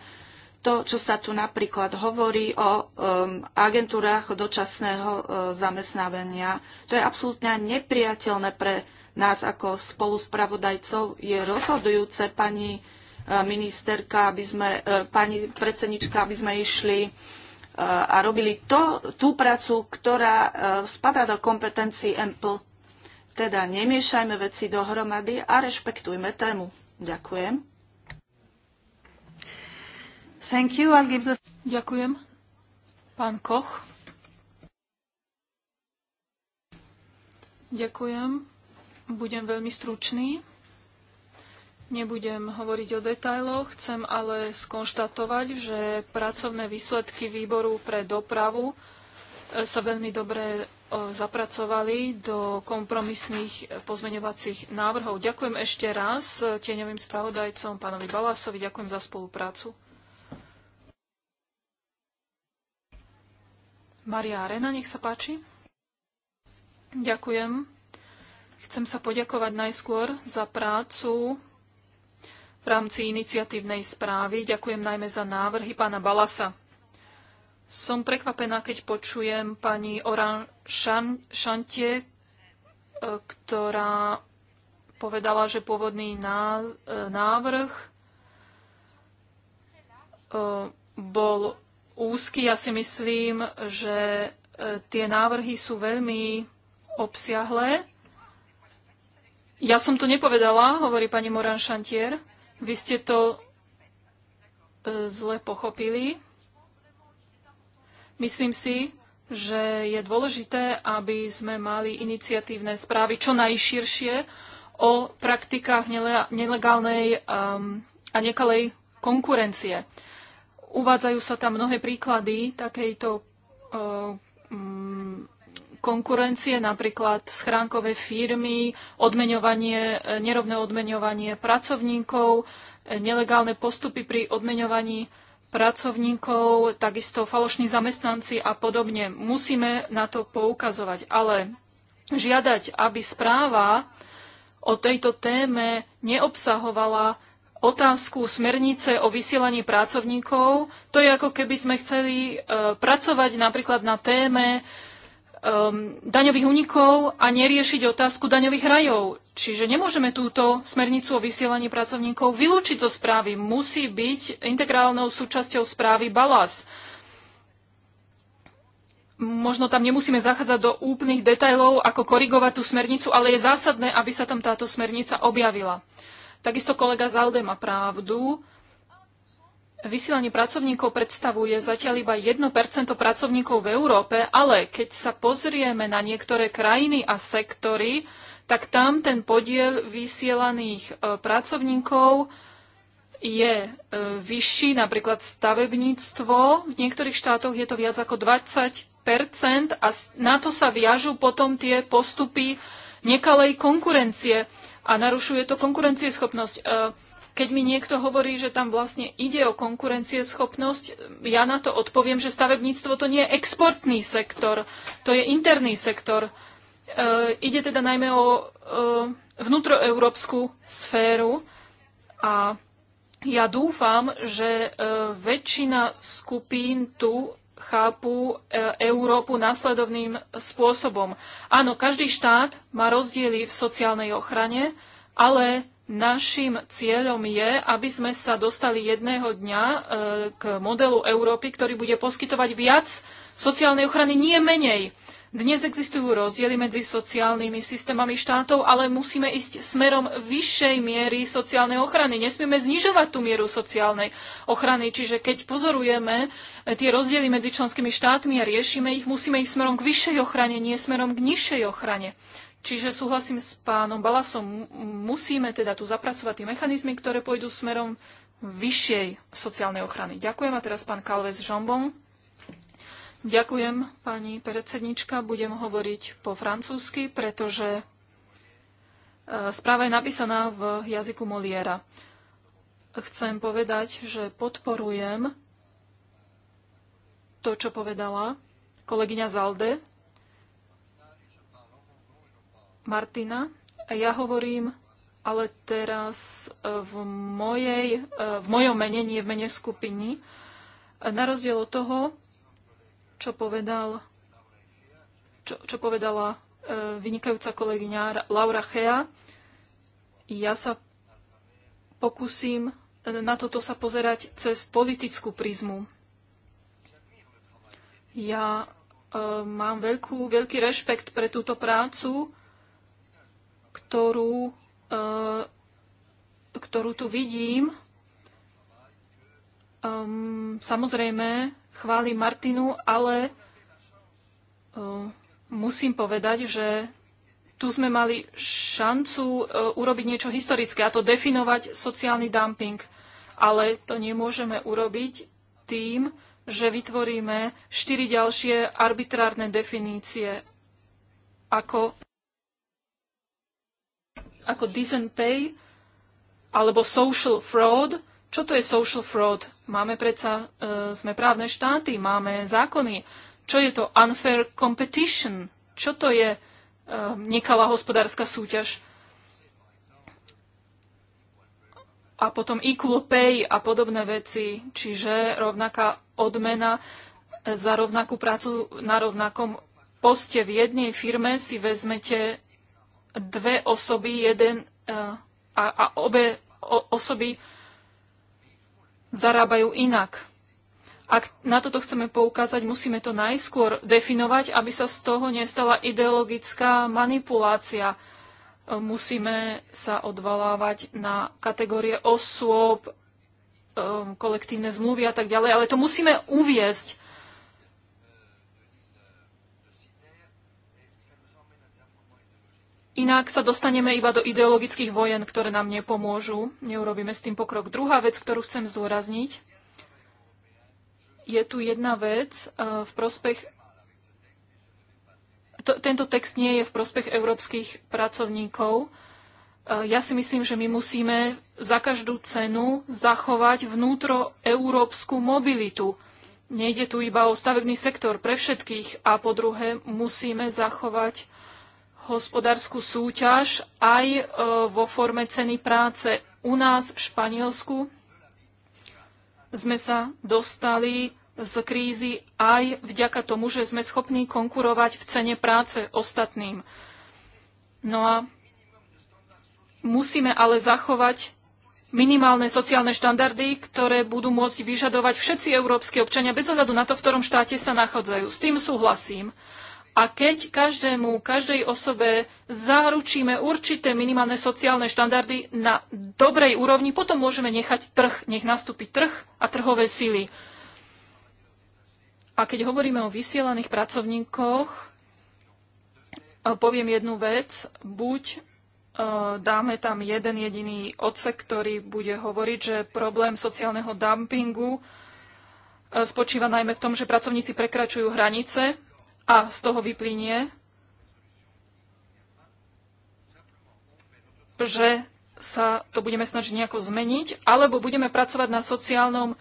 To, čo sa tu napríklad hovorí o um, agentúrach dočasného um, zamestnávania, to je absolútne nepriateľné pre nás ako spoluspravodajcov. Je rozhodujúce, pani E, ministerka, aby sme, e, pani predsednička, aby sme išli e, a robili to, tú prácu, ktorá spadá do kompetencií EMPL. Teda nemiešajme veci dohromady a rešpektujme tému. Ďakujem. Thank you. I'll give the... Ďakujem. Pán Koch. Ďakujem. Budem veľmi stručný. Nebudem hovoriť o detailoch, chcem ale skonštatovať, že pracovné výsledky výboru pre dopravu e, sa veľmi dobre e, zapracovali do kompromisných pozmeňovacích návrhov. Ďakujem ešte raz e, tieňovým spravodajcom, pánovi Balasovi, ďakujem za spoluprácu. Maria Arena, nech sa páči. Ďakujem. Chcem sa poďakovať najskôr za prácu v rámci iniciatívnej správy. Ďakujem najmä za návrhy pána Balasa. Som prekvapená, keď počujem pani Oran Šan- Šantie, e, ktorá povedala, že pôvodný e, návrh e, bol úzky. Ja si myslím, že tie návrhy sú veľmi obsiahlé. Ja som to nepovedala, hovorí pani Moran Šantier. Vy ste to e, zle pochopili. Myslím si, že je dôležité, aby sme mali iniciatívne správy čo najširšie o praktikách nelegálnej a nekalej konkurencie. Uvádzajú sa tam mnohé príklady takejto e, konkurencie, napríklad schránkové firmy, odmeňovanie, e, nerovné odmeňovanie pracovníkov, e, nelegálne postupy pri odmeňovaní pracovníkov, takisto falošní zamestnanci a podobne. Musíme na to poukazovať, ale žiadať, aby správa o tejto téme neobsahovala otázku smernice o vysielaní pracovníkov. To je ako keby sme chceli e, pracovať napríklad na téme um, daňových únikov a neriešiť otázku daňových rajov. Čiže nemôžeme túto smernicu o vysielaní pracovníkov vylúčiť zo správy. Musí byť integrálnou súčasťou správy BALAS. Možno tam nemusíme zachádzať do úplných detajlov, ako korigovať tú smernicu, ale je zásadné, aby sa tam táto smernica objavila. Takisto kolega Zalde má pravdu vysielanie pracovníkov predstavuje zatiaľ iba 1% pracovníkov v Európe, ale keď sa pozrieme na niektoré krajiny a sektory, tak tam ten podiel vysielaných e, pracovníkov je e, vyšší, napríklad stavebníctvo. V niektorých štátoch je to viac ako 20 a na to sa viažú potom tie postupy nekalej konkurencie a narušuje to konkurencieschopnosť. E, keď mi niekto hovorí, že tam vlastne ide o konkurencieschopnosť, ja na to odpoviem, že stavebníctvo to nie je exportný sektor, to je interný sektor. E, ide teda najmä o e, vnútroeurópsku sféru a ja dúfam, že e, väčšina skupín tu chápu e, Európu následovným spôsobom. Áno, každý štát má rozdiely v sociálnej ochrane, ale Naším cieľom je, aby sme sa dostali jedného dňa e, k modelu Európy, ktorý bude poskytovať viac sociálnej ochrany, nie menej. Dnes existujú rozdiely medzi sociálnymi systémami štátov, ale musíme ísť smerom vyššej miery sociálnej ochrany. Nesmieme znižovať tú mieru sociálnej ochrany. Čiže keď pozorujeme e, tie rozdiely medzi členskými štátmi a riešime ich, musíme ísť smerom k vyššej ochrane, nie smerom k nižšej ochrane. Čiže súhlasím s pánom Balasom, musíme teda tu zapracovať tie mechanizmy, ktoré pôjdu smerom vyššej sociálnej ochrany. Ďakujem a teraz pán Kalves Žombon. Ďakujem, pani predsednička. Budem hovoriť po francúzsky, pretože e, správa je napísaná v jazyku Moliera. Chcem povedať, že podporujem to, čo povedala kolegyňa Zalde Martina. Ja hovorím ale teraz v, mojej, eh, v mojom mene, nie v mene skupiny. Na rozdiel od toho, čo, povedal, čo, čo povedala eh, vynikajúca kolegyňa Laura Chea, ja sa pokúsim eh, na toto sa pozerať cez politickú prizmu. Ja e, mám veľkú, veľký rešpekt pre túto prácu, ktorú, e, ktorú tu vidím, um, samozrejme chváli Martinu, ale um, musím povedať, že tu sme mali šancu uh, urobiť niečo historické a to definovať sociálny dumping. Ale to nemôžeme urobiť tým, že vytvoríme štyri ďalšie arbitrárne definície, ako ako decent pay alebo social fraud. Čo to je social fraud? Máme predsa, uh, sme právne štáty, máme zákony. Čo je to unfair competition? Čo to je uh, nekalá hospodárska súťaž? A potom equal pay a podobné veci, čiže rovnaká odmena za rovnakú prácu na rovnakom poste v jednej firme si vezmete dve osoby, jeden eh, a, a obe osoby zarábajú inak. Ak na toto chceme poukázať, musíme to najskôr definovať, aby sa z toho nestala ideologická manipulácia. Eh, musíme sa odvolávať na kategórie osôb, eh, kolektívne zmluvy a tak ďalej, ale to musíme uviesť Inak sa dostaneme iba do ideologických vojen, ktoré nám nepomôžu. Neurobíme s tým pokrok. Druhá vec, ktorú chcem zdôrazniť, je tu jedna vec e, v prospech tento text nie je v prospech európskych pracovníkov. E, ja si myslím, že my musíme za každú cenu zachovať európsku mobilitu. Nejde tu iba o stavebný sektor pre všetkých a po druhé musíme zachovať hospodárskú súťaž aj e, vo forme ceny práce. U nás v Španielsku sme sa dostali z krízy aj vďaka tomu, že sme schopní konkurovať v cene práce ostatným. No a musíme ale zachovať minimálne sociálne štandardy, ktoré budú môcť vyžadovať všetci európsky občania bez ohľadu na to, v ktorom štáte sa nachádzajú. S tým súhlasím. A keď každému, každej osobe zaručíme určité minimálne sociálne štandardy na dobrej úrovni, potom môžeme nechať trh, nech nastúpi trh a trhové síly. A keď hovoríme o vysielaných pracovníkoch, poviem jednu vec. Buď e, dáme tam jeden jediný odsek, ktorý bude hovoriť, že problém sociálneho dumpingu e, spočíva najmä v tom, že pracovníci prekračujú hranice a z toho vyplynie, že sa to budeme snažiť nejako zmeniť, alebo budeme pracovať na sociálnom e,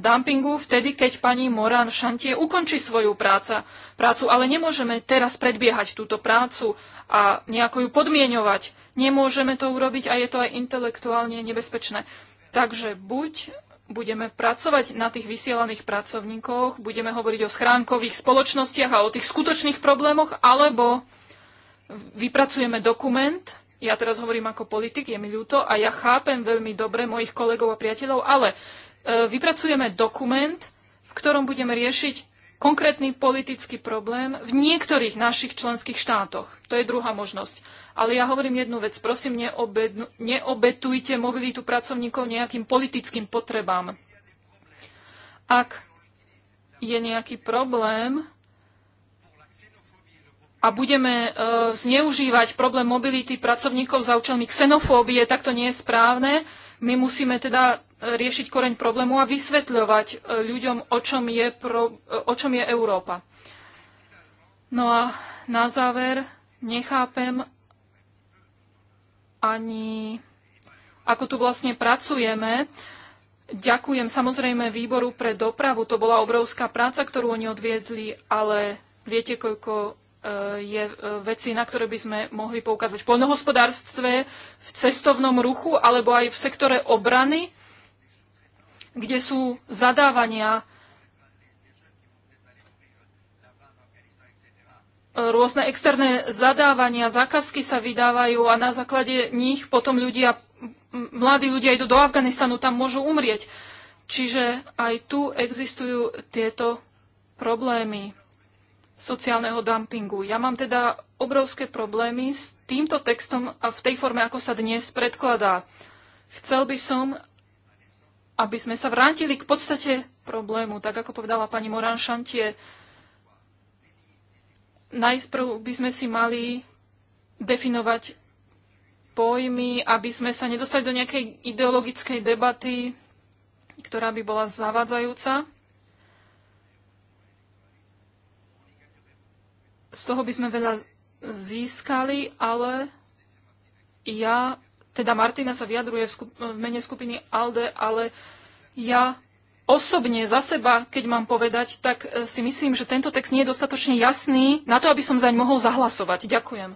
dumpingu vtedy, keď pani Morán Šantie ukončí svoju práca, prácu. Ale nemôžeme teraz predbiehať túto prácu a nejako ju podmienovať. Nemôžeme to urobiť a je to aj intelektuálne nebezpečné. Takže buď budeme pracovať na tých vysielaných pracovníkoch, budeme hovoriť o schránkových spoločnostiach a o tých skutočných problémoch, alebo vypracujeme dokument, ja teraz hovorím ako politik, je mi ľúto a ja chápem veľmi dobre mojich kolegov a priateľov, ale e, vypracujeme dokument, v ktorom budeme riešiť konkrétny politický problém v niektorých našich členských štátoch. To je druhá možnosť. Ale ja hovorím jednu vec. Prosím, neobetujte mobilitu pracovníkov nejakým politickým potrebám. Ak je nejaký problém a budeme e, zneužívať problém mobility pracovníkov za účelmi xenofóbie, tak to nie je správne. My musíme teda riešiť koreň problému a vysvetľovať e, ľuďom, o čom je, pro, e, o čom je Európa. No a na záver nechápem ani, ako tu vlastne pracujeme. Ďakujem samozrejme výboru pre dopravu, to bola obrovská práca, ktorú oni odviedli, ale viete, koľko e, je veci, na ktoré by sme mohli poukázať v poľnohospodárstve, v cestovnom ruchu alebo aj v sektore obrany kde sú zadávania rôzne externé zadávania, zákazky sa vydávajú a na základe nich potom ľudia, mladí ľudia idú do Afganistanu, tam môžu umrieť. Čiže aj tu existujú tieto problémy sociálneho dumpingu. Ja mám teda obrovské problémy s týmto textom a v tej forme, ako sa dnes predkladá. Chcel by som, aby sme sa vrátili k podstate problému, tak ako povedala pani Moran Šantie. Najprv by sme si mali definovať pojmy, aby sme sa nedostali do nejakej ideologickej debaty, ktorá by bola zavádzajúca. Z toho by sme veľa získali, ale ja teda Martina sa vyjadruje v, skup- v mene skupiny ALDE, ale ja osobne za seba, keď mám povedať, tak e, si myslím, že tento text nie je dostatočne jasný na to, aby som zaň mohol zahlasovať. Ďakujem.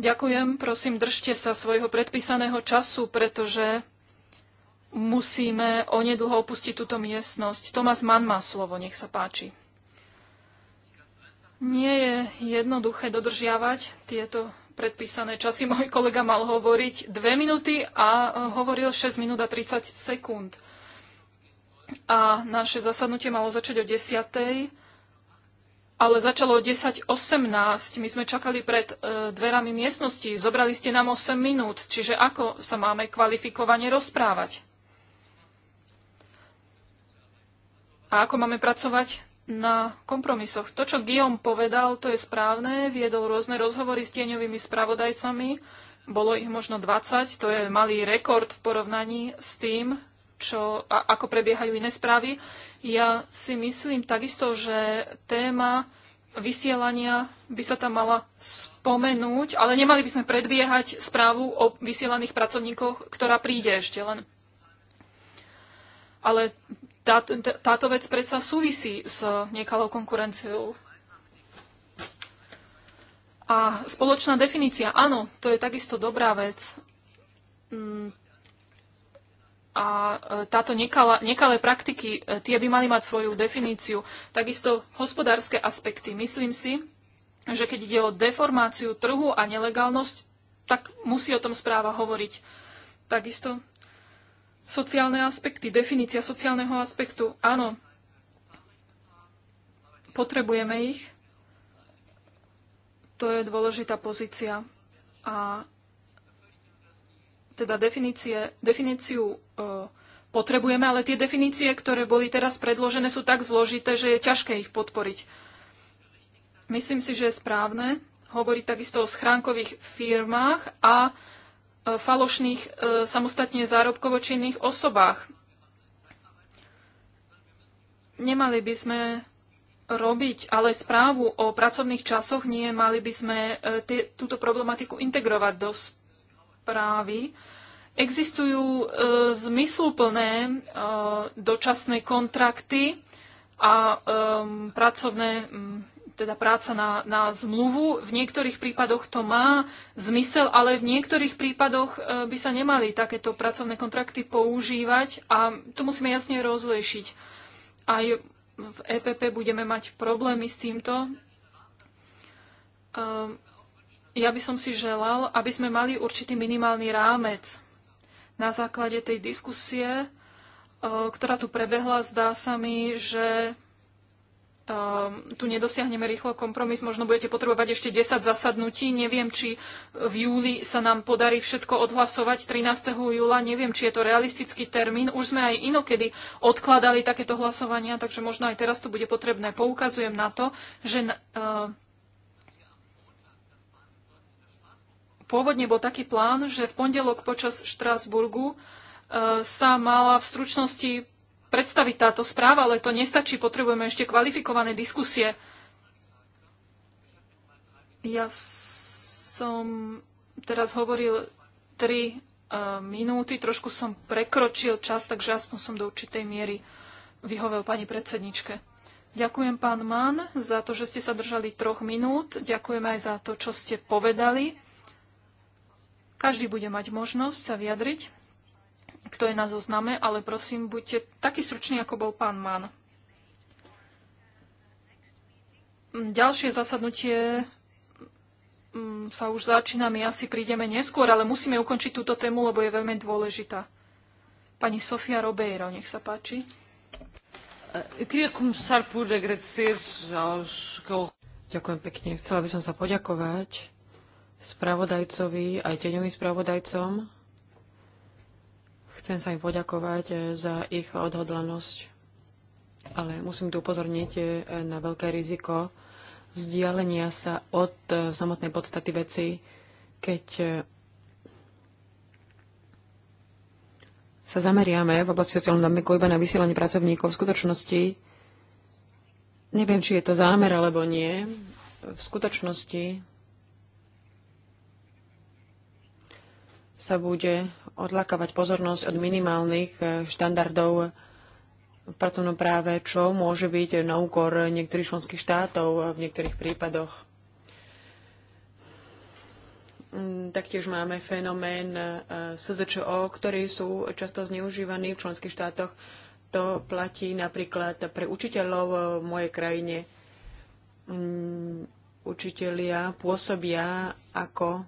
Ďakujem, prosím, držte sa svojho predpísaného času, pretože musíme onedlho opustiť túto miestnosť. Tomás Mann má slovo, nech sa páči. Nie je jednoduché dodržiavať tieto predpísané časy. Môj kolega mal hovoriť 2 minúty a e, hovoril 6 minút a 30 sekúnd. A naše zasadnutie malo začať o 10. Ale začalo o 10.18. My sme čakali pred e, dverami miestnosti. Zobrali ste nám 8 minút. Čiže ako sa máme kvalifikovane rozprávať? A ako máme pracovať na kompromisoch. To, čo Guillaume povedal, to je správne. Viedol rôzne rozhovory s tieňovými spravodajcami. Bolo ich možno 20. To je malý rekord v porovnaní s tým, čo, a, ako prebiehajú iné správy. Ja si myslím takisto, že téma vysielania by sa tam mala spomenúť, ale nemali by sme predbiehať správu o vysielaných pracovníkoch, ktorá príde ešte len. Ale táto, táto vec predsa súvisí s nekalou konkurenciou. A spoločná definícia, áno, to je takisto dobrá vec. Mm. A e, táto nekala, nekalé praktiky, e, tie by mali mať svoju definíciu. Takisto hospodárske aspekty. Myslím si, že keď ide o deformáciu trhu a nelegálnosť, tak musí o tom správa hovoriť. Takisto Sociálne aspekty, definícia sociálneho aspektu, áno, potrebujeme ich. To je dôležitá pozícia. A teda definície, definíciu e, potrebujeme, ale tie definície, ktoré boli teraz predložené, sú tak zložité, že je ťažké ich podporiť. Myslím si, že je správne hovoriť takisto o schránkových firmách a E, falošných e, samostatne zárobkovočinných osobách. Nemali by sme robiť ale správu o pracovných časoch, nie, mali by sme e, túto problematiku integrovať do správy. Existujú e, zmysluplné e, dočasné kontrakty a e, pracovné m, teda práca na, na zmluvu. V niektorých prípadoch to má zmysel, ale v niektorých prípadoch e, by sa nemali takéto pracovné kontrakty používať a to musíme jasne rozlíšiť. Aj v EPP budeme mať problémy s týmto. E, ja by som si želal, aby sme mali určitý minimálny rámec na základe tej diskusie, e, ktorá tu prebehla. Zdá sa mi, že Ehm, tu nedosiahneme rýchlo kompromis, možno budete potrebovať ešte 10 zasadnutí. Neviem, či v júli sa nám podarí všetko odhlasovať 13. júla. Neviem, či je to realistický termín. Už sme aj inokedy odkladali takéto hlasovania, takže možno aj teraz to bude potrebné. Poukazujem na to, že ehm, pôvodne bol taký plán, že v pondelok počas Štrásburgu ehm, sa mala v stručnosti predstaviť táto správa, ale to nestačí, potrebujeme ešte kvalifikované diskusie. Ja som teraz hovoril tri uh, minúty, trošku som prekročil čas, takže aspoň som do určitej miery vyhovel pani predsedničke. Ďakujem pán Mann za to, že ste sa držali troch minút. Ďakujem aj za to, čo ste povedali. Každý bude mať možnosť sa vyjadriť kto je na zozname, ale prosím, buďte taký stručný, ako bol pán Mann. Mm, ďalšie zasadnutie mm, sa už začína, my asi prídeme neskôr, ale musíme ukončiť túto tému, lebo je veľmi dôležitá. Pani Sofia Robeiro, nech sa páči. Eh, Ďakujem pekne. Chcela by som sa poďakovať spravodajcovi aj teňovým spravodajcom Chcem sa im poďakovať eh, za ich odhodlanosť, ale musím tu upozorniť eh, na veľké riziko vzdialenia sa od eh, samotnej podstaty veci, keď sa zameriame v oblasti sociálneho dynamiku iba na vysielanie pracovníkov v skutočnosti, neviem, či je to zámer alebo nie, v skutočnosti sa bude odlakávať pozornosť od minimálnych eh, štandardov v pracovnom práve, čo môže byť na úkor niektorých členských štátov eh, v niektorých prípadoch. Mm, taktiež máme fenomén eh, SZČO, ktorí sú často zneužívaní v členských štátoch. To platí napríklad pre učiteľov v mojej krajine. Mm, učitelia pôsobia ako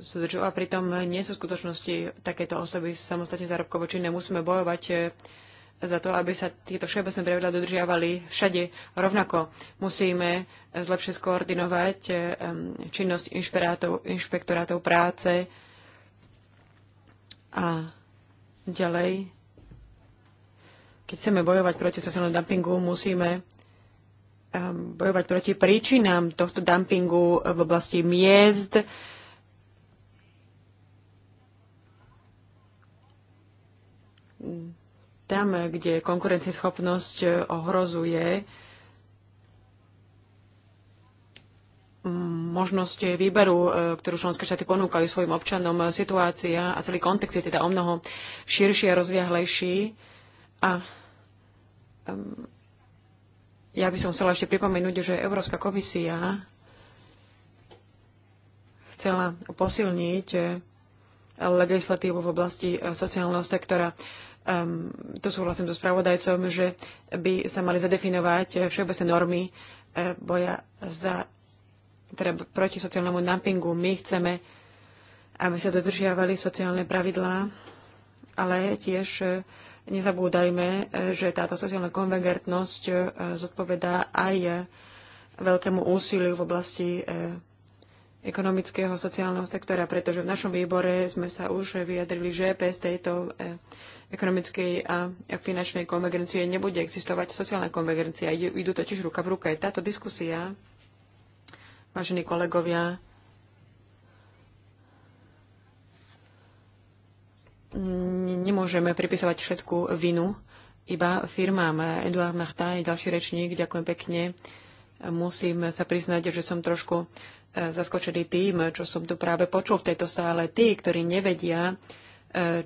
zúčil. A pritom nie sú v skutočnosti takéto osoby samostatne zárobkovo činné. Musíme bojovať eh, za to, aby sa tieto všeobecné pravidla dodržiavali všade rovnako. Musíme zlepšie skoordinovať eh, činnosť inšpektorátov práce a ďalej. Keď chceme bojovať proti sociálnom dumpingu, musíme bojovať proti príčinám tohto dumpingu v oblasti miest, tam, kde konkurencieschopnosť eh, ohrozuje mm, možnosť výberu, eh, ktorú členské štáty ponúkajú svojim občanom, situácia a celý kontext je teda o mnoho širší a rozviahlejší. A mm, ja by som chcela ešte pripomenúť, že Európska komisia chcela posilniť eh, legislatívu v oblasti sociálneho sektora um, ehm, tu súhlasím so spravodajcom, že by sa mali zadefinovať eh, všeobecné normy eh, boja za, teda proti sociálnemu dumpingu. My chceme, aby sa dodržiavali sociálne pravidlá, ale tiež eh, nezabúdajme, že táto sociálna konvergentnosť zodpovedá aj veľkému úsiliu v oblasti ekonomického sociálneho sektora, pretože v našom výbore sme sa už vyjadrili, že bez tejto ekonomickej a finančnej konvergencie nebude existovať sociálna konvergencia. Idú totiž ruka v ruke. Táto diskusia, vážení kolegovia, nemôžeme pripisovať všetku vinu iba firmám. Eduard Martin je ďalší rečník, ďakujem pekne. Musím sa priznať, že som trošku e, zaskočený tým, čo som tu práve počul v tejto sále. Tí, ktorí nevedia,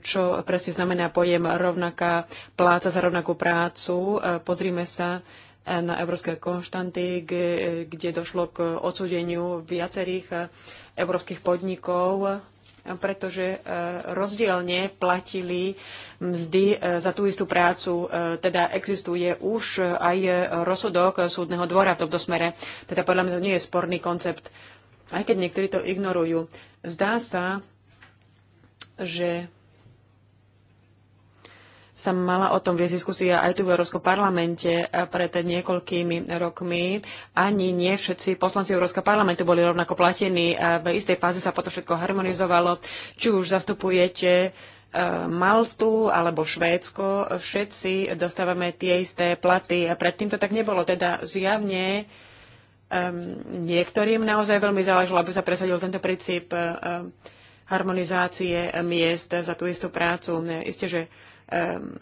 čo presne znamená pojem rovnaká pláca za rovnakú prácu. E, pozrime sa e, na európske konštanty, kde došlo k odsúdeniu viacerých e, európskych podnikov, pretože rozdielne platili mzdy za tú istú prácu. Teda existuje už aj rozsudok súdneho dvora v tomto smere. Teda podľa mňa to nie je sporný koncept, aj keď niektorí to ignorujú. Zdá sa, že sa mala o tom viesť diskusia aj tu v Európskom parlamente eh, pred niekoľkými rokmi. Ani nie všetci poslanci Európskeho parlamentu boli rovnako platení. A eh, v istej fáze sa potom všetko harmonizovalo. Či už zastupujete eh, Maltu alebo Švédsko, všetci dostávame tie isté platy. A predtým to tak nebolo. Teda zjavne um, niektorým naozaj veľmi záležilo, aby sa presadil tento princíp um, harmonizácie miest za tú istú prácu. Isté, že Ehm,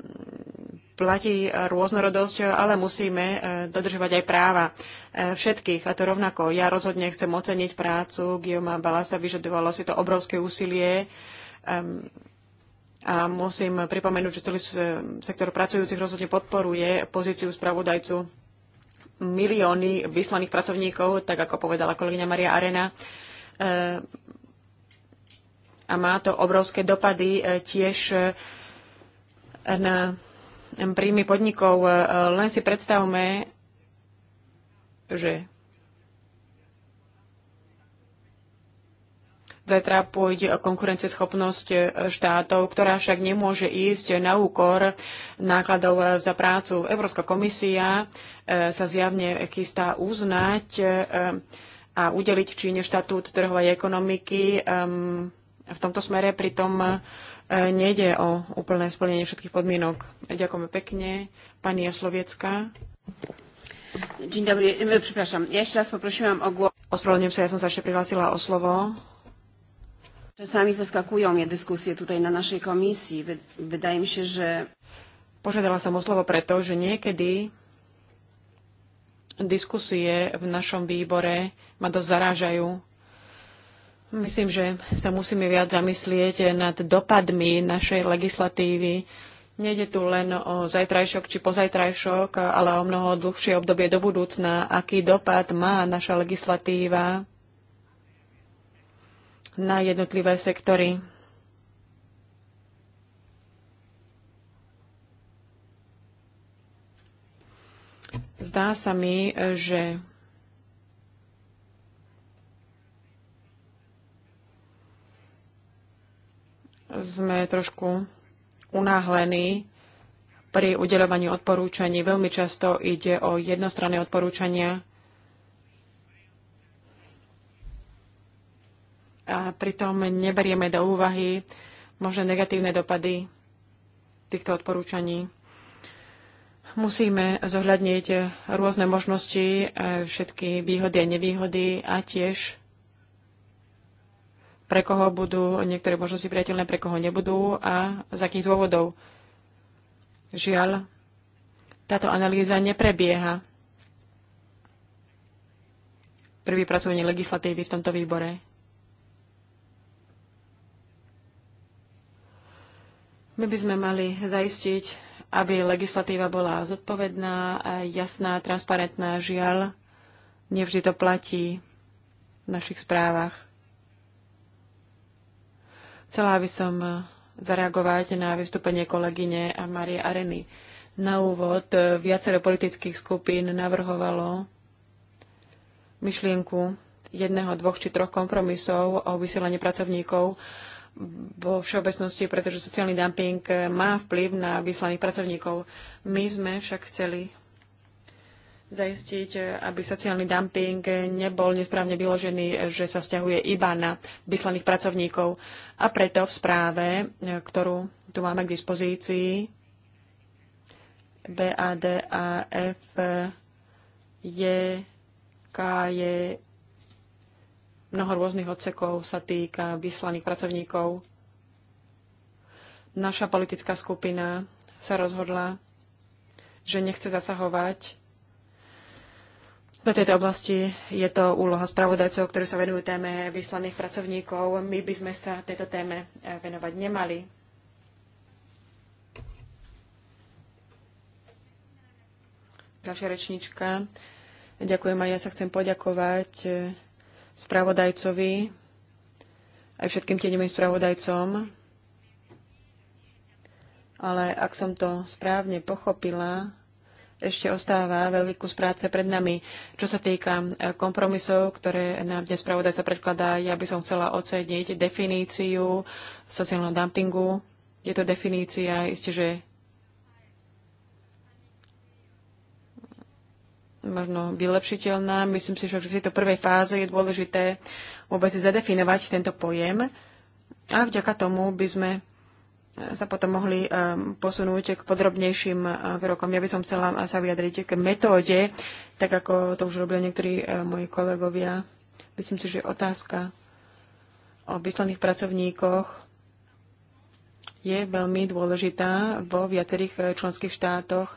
platí rôznorodosť, ale musíme eh, dodržovať aj práva eh, všetkých, a to rovnako. Ja rozhodne chcem oceniť prácu Guillaume Balasa, vyžadovalo si to obrovské úsilie ehm, a musím pripomenúť, že celý sektor pracujúcich rozhodne podporuje pozíciu spravodajcu milióny vyslaných pracovníkov, tak ako povedala kolegyňa Maria Arena, eh, a má to obrovské dopady tiež na príjmy podnikov. E, len si predstavme, že Zajtra pôjde o konkurencieschopnosť e, štátov, ktorá však nemôže ísť na úkor nákladov e, za prácu. Európska komisia sa zjavne chystá uznať a udeliť Číne štatút trhovej ekonomiky. V tomto smere pritom E, nejde o úplné splnenie všetkých podmienok. Ďakujeme pekne. Pani Jasloviecka. Dzień dobry, e, przepraszam. Ja jeszcze raz poprosiłam o głos. Ospravedlňujem sa, ja som sa ešte prihlásila o slovo. Czasami zaskakują mnie dyskusje tutaj na naszej komisji. Wydaje mi się, że... Požiadala som o slovo preto, že niekedy diskusie v našom výbore ma dosť zarážajú. Myslím, že sa musíme viac zamyslieť nad dopadmi našej legislatívy. Nejde tu len o zajtrajšok či pozajtrajšok, ale o mnoho dlhšie obdobie do budúcna. Aký dopad má naša legislatíva na jednotlivé sektory? Zdá sa mi, že sme trošku unáhlení pri udeľovaní odporúčaní. Veľmi často ide o jednostranné odporúčania. A pritom neberieme do úvahy možné negatívne dopady týchto odporúčaní. Musíme zohľadniť rôzne možnosti, e, všetky výhody a nevýhody a tiež pre koho budú niektoré možnosti priateľné, pre koho nebudú a z akých dôvodov. Žiaľ, táto analýza neprebieha pri vypracovaní legislatívy v tomto výbore. My by sme mali zaistiť, aby legislatíva bola zodpovedná, jasná, transparentná. Žiaľ, nevždy to platí v našich správach. Chcela by som e, zareagovať na vystúpenie kolegyne a Marie Areny. Na úvod e, viacero politických skupín navrhovalo myšlienku jedného, dvoch či troch kompromisov o vysielaní pracovníkov vo všeobecnosti, pretože sociálny dumping má vplyv na vyslaných pracovníkov. My sme však chceli zaistiť, aby sociálny dumping nebol nesprávne vyložený, že sa vzťahuje iba na vyslaných pracovníkov. A preto v správe, ktorú tu máme k dispozícii, BADAF je, K je mnoho rôznych odsekov sa týka vyslaných pracovníkov. Naša politická skupina sa rozhodla, že nechce zasahovať do tejto oblasti je to úloha spravodajcov, ktorí sa venujú téme vyslaných pracovníkov. My by sme sa tejto téme e, venovať nemali. Ďalšia rečnička. Ďakujem a ja sa chcem poďakovať e, spravodajcovi aj všetkým tieňovým spravodajcom. Ale ak som to správne pochopila, ešte ostáva veľký kus práce pred nami. Čo sa týka eh, kompromisov, ktoré nám dnes spravodajca predkladá, ja by som chcela oceniť definíciu sociálneho dumpingu. Je to definícia, isté, že možno vylepšiteľná. Myslím si, že v tejto prvej fáze je dôležité vôbec zadefinovať tento pojem a vďaka tomu by sme sa potom mohli eh, posunúť k podrobnejším eh, krokom. Ja by som chcela eh, sa vyjadriť k metóde, tak ako to už robili niektorí moji kolegovia. Myslím si, že otázka o vyslaných pracovníkoch je veľmi dôležitá vo viacerých členských štátoch.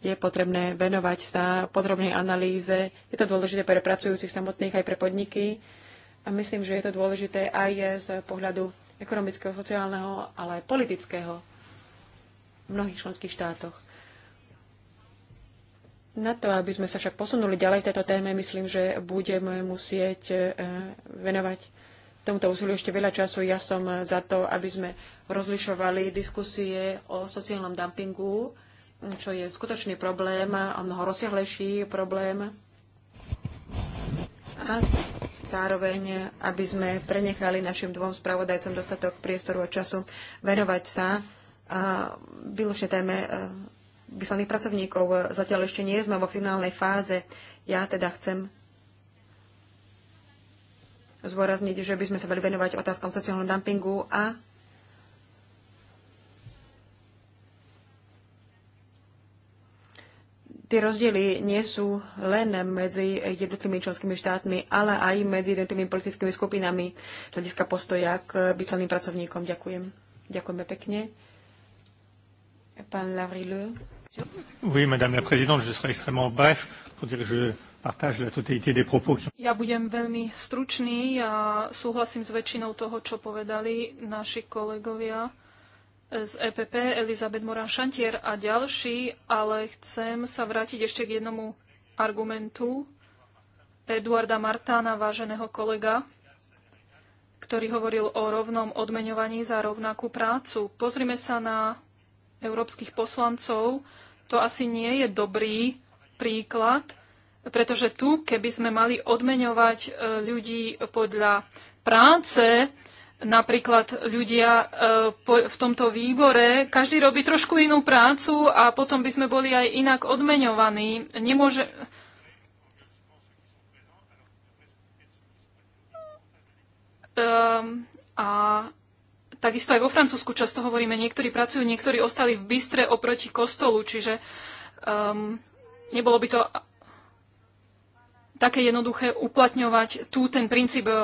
Je potrebné venovať sa podrobnej analýze. Je to dôležité pre pracujúcich samotných aj pre podniky. A myslím, že je to dôležité aj z pohľadu ekonomického, sociálneho, ale aj politického v mnohých členských štátoch. Na to, aby sme sa však posunuli ďalej v tejto téme, myslím, že budeme musieť e, venovať tomuto úsiliu ešte veľa času. Ja som za to, aby sme rozlišovali diskusie o sociálnom dumpingu, čo je skutočný problém a mnoho rozsiahlejší problém. A zároveň, aby sme prenechali našim dvom spravodajcom dostatok priestoru a času venovať sa výlučne téme vyslaných pracovníkov. Zatiaľ ešte nie sme vo finálnej fáze. Ja teda chcem zdôrazniť, že by sme sa mali venovať otázkom sociálneho dumpingu a tie rozdiely nie sú len medzi jednotlivými členskými štátmi, ale aj medzi jednotlivými politickými skupinami z hľadiska postoja k bytelným pracovníkom. Ďakujem. Ďakujeme pekne. Pán Lavrileux. Oui, madame la présidente, je serai extrêmement bref pour dire que je partage la totalité des propos. Qui... Ja budem veľmi stručný, ja súhlasím s väčšinou toho, čo povedali naši kolegovia z EPP, Elizabeth Moran Šantier a ďalší, ale chcem sa vrátiť ešte k jednomu argumentu Eduarda Martána, váženého kolega, ktorý hovoril o rovnom odmeňovaní za rovnakú prácu. Pozrime sa na európskych poslancov. To asi nie je dobrý príklad, pretože tu, keby sme mali odmeňovať e, ľudí podľa práce, napríklad ľudia e, v tomto výbore, každý robí trošku inú prácu a potom by sme boli aj inak odmeňovaní. Nemôže... Ehm, a takisto aj vo Francúzsku často hovoríme, niektorí pracujú, niektorí ostali v bystre oproti kostolu, čiže um, nebolo by to také jednoduché uplatňovať tu ten princíp e,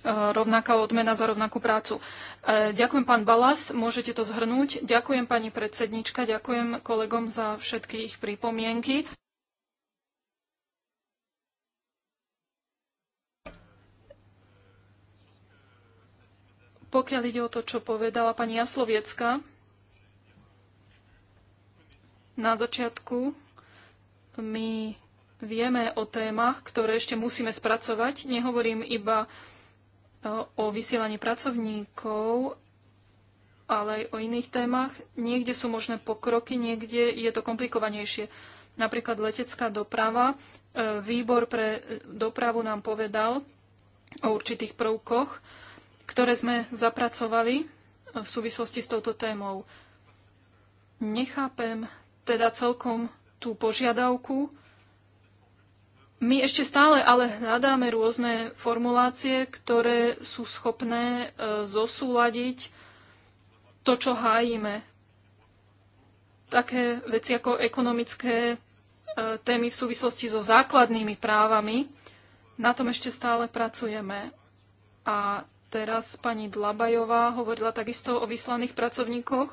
Eh, rovnaká odmena za rovnakú prácu. Eh, ďakujem pán Balas, môžete to zhrnúť. Ďakujem pani predsednička, ďakujem kolegom za všetky ich pripomienky. Pokiaľ ide o to, čo povedala pani Jasloviecka na začiatku, my vieme o témach, ktoré ešte musíme spracovať. Nehovorím iba o vysielaní pracovníkov, ale aj o iných témach. Niekde sú možné pokroky, niekde je to komplikovanejšie. Napríklad letecká doprava. E, výbor pre dopravu nám povedal o určitých prvkoch, ktoré sme zapracovali e, v súvislosti s touto témou. Nechápem teda celkom tú požiadavku my ešte stále ale hľadáme rôzne formulácie, ktoré sú schopné e, zosúľadiť to, čo hájime. Také veci ako ekonomické e, témy v súvislosti so základnými právami, na tom ešte stále pracujeme. A teraz pani Dlabajová hovorila takisto o vyslaných pracovníkoch.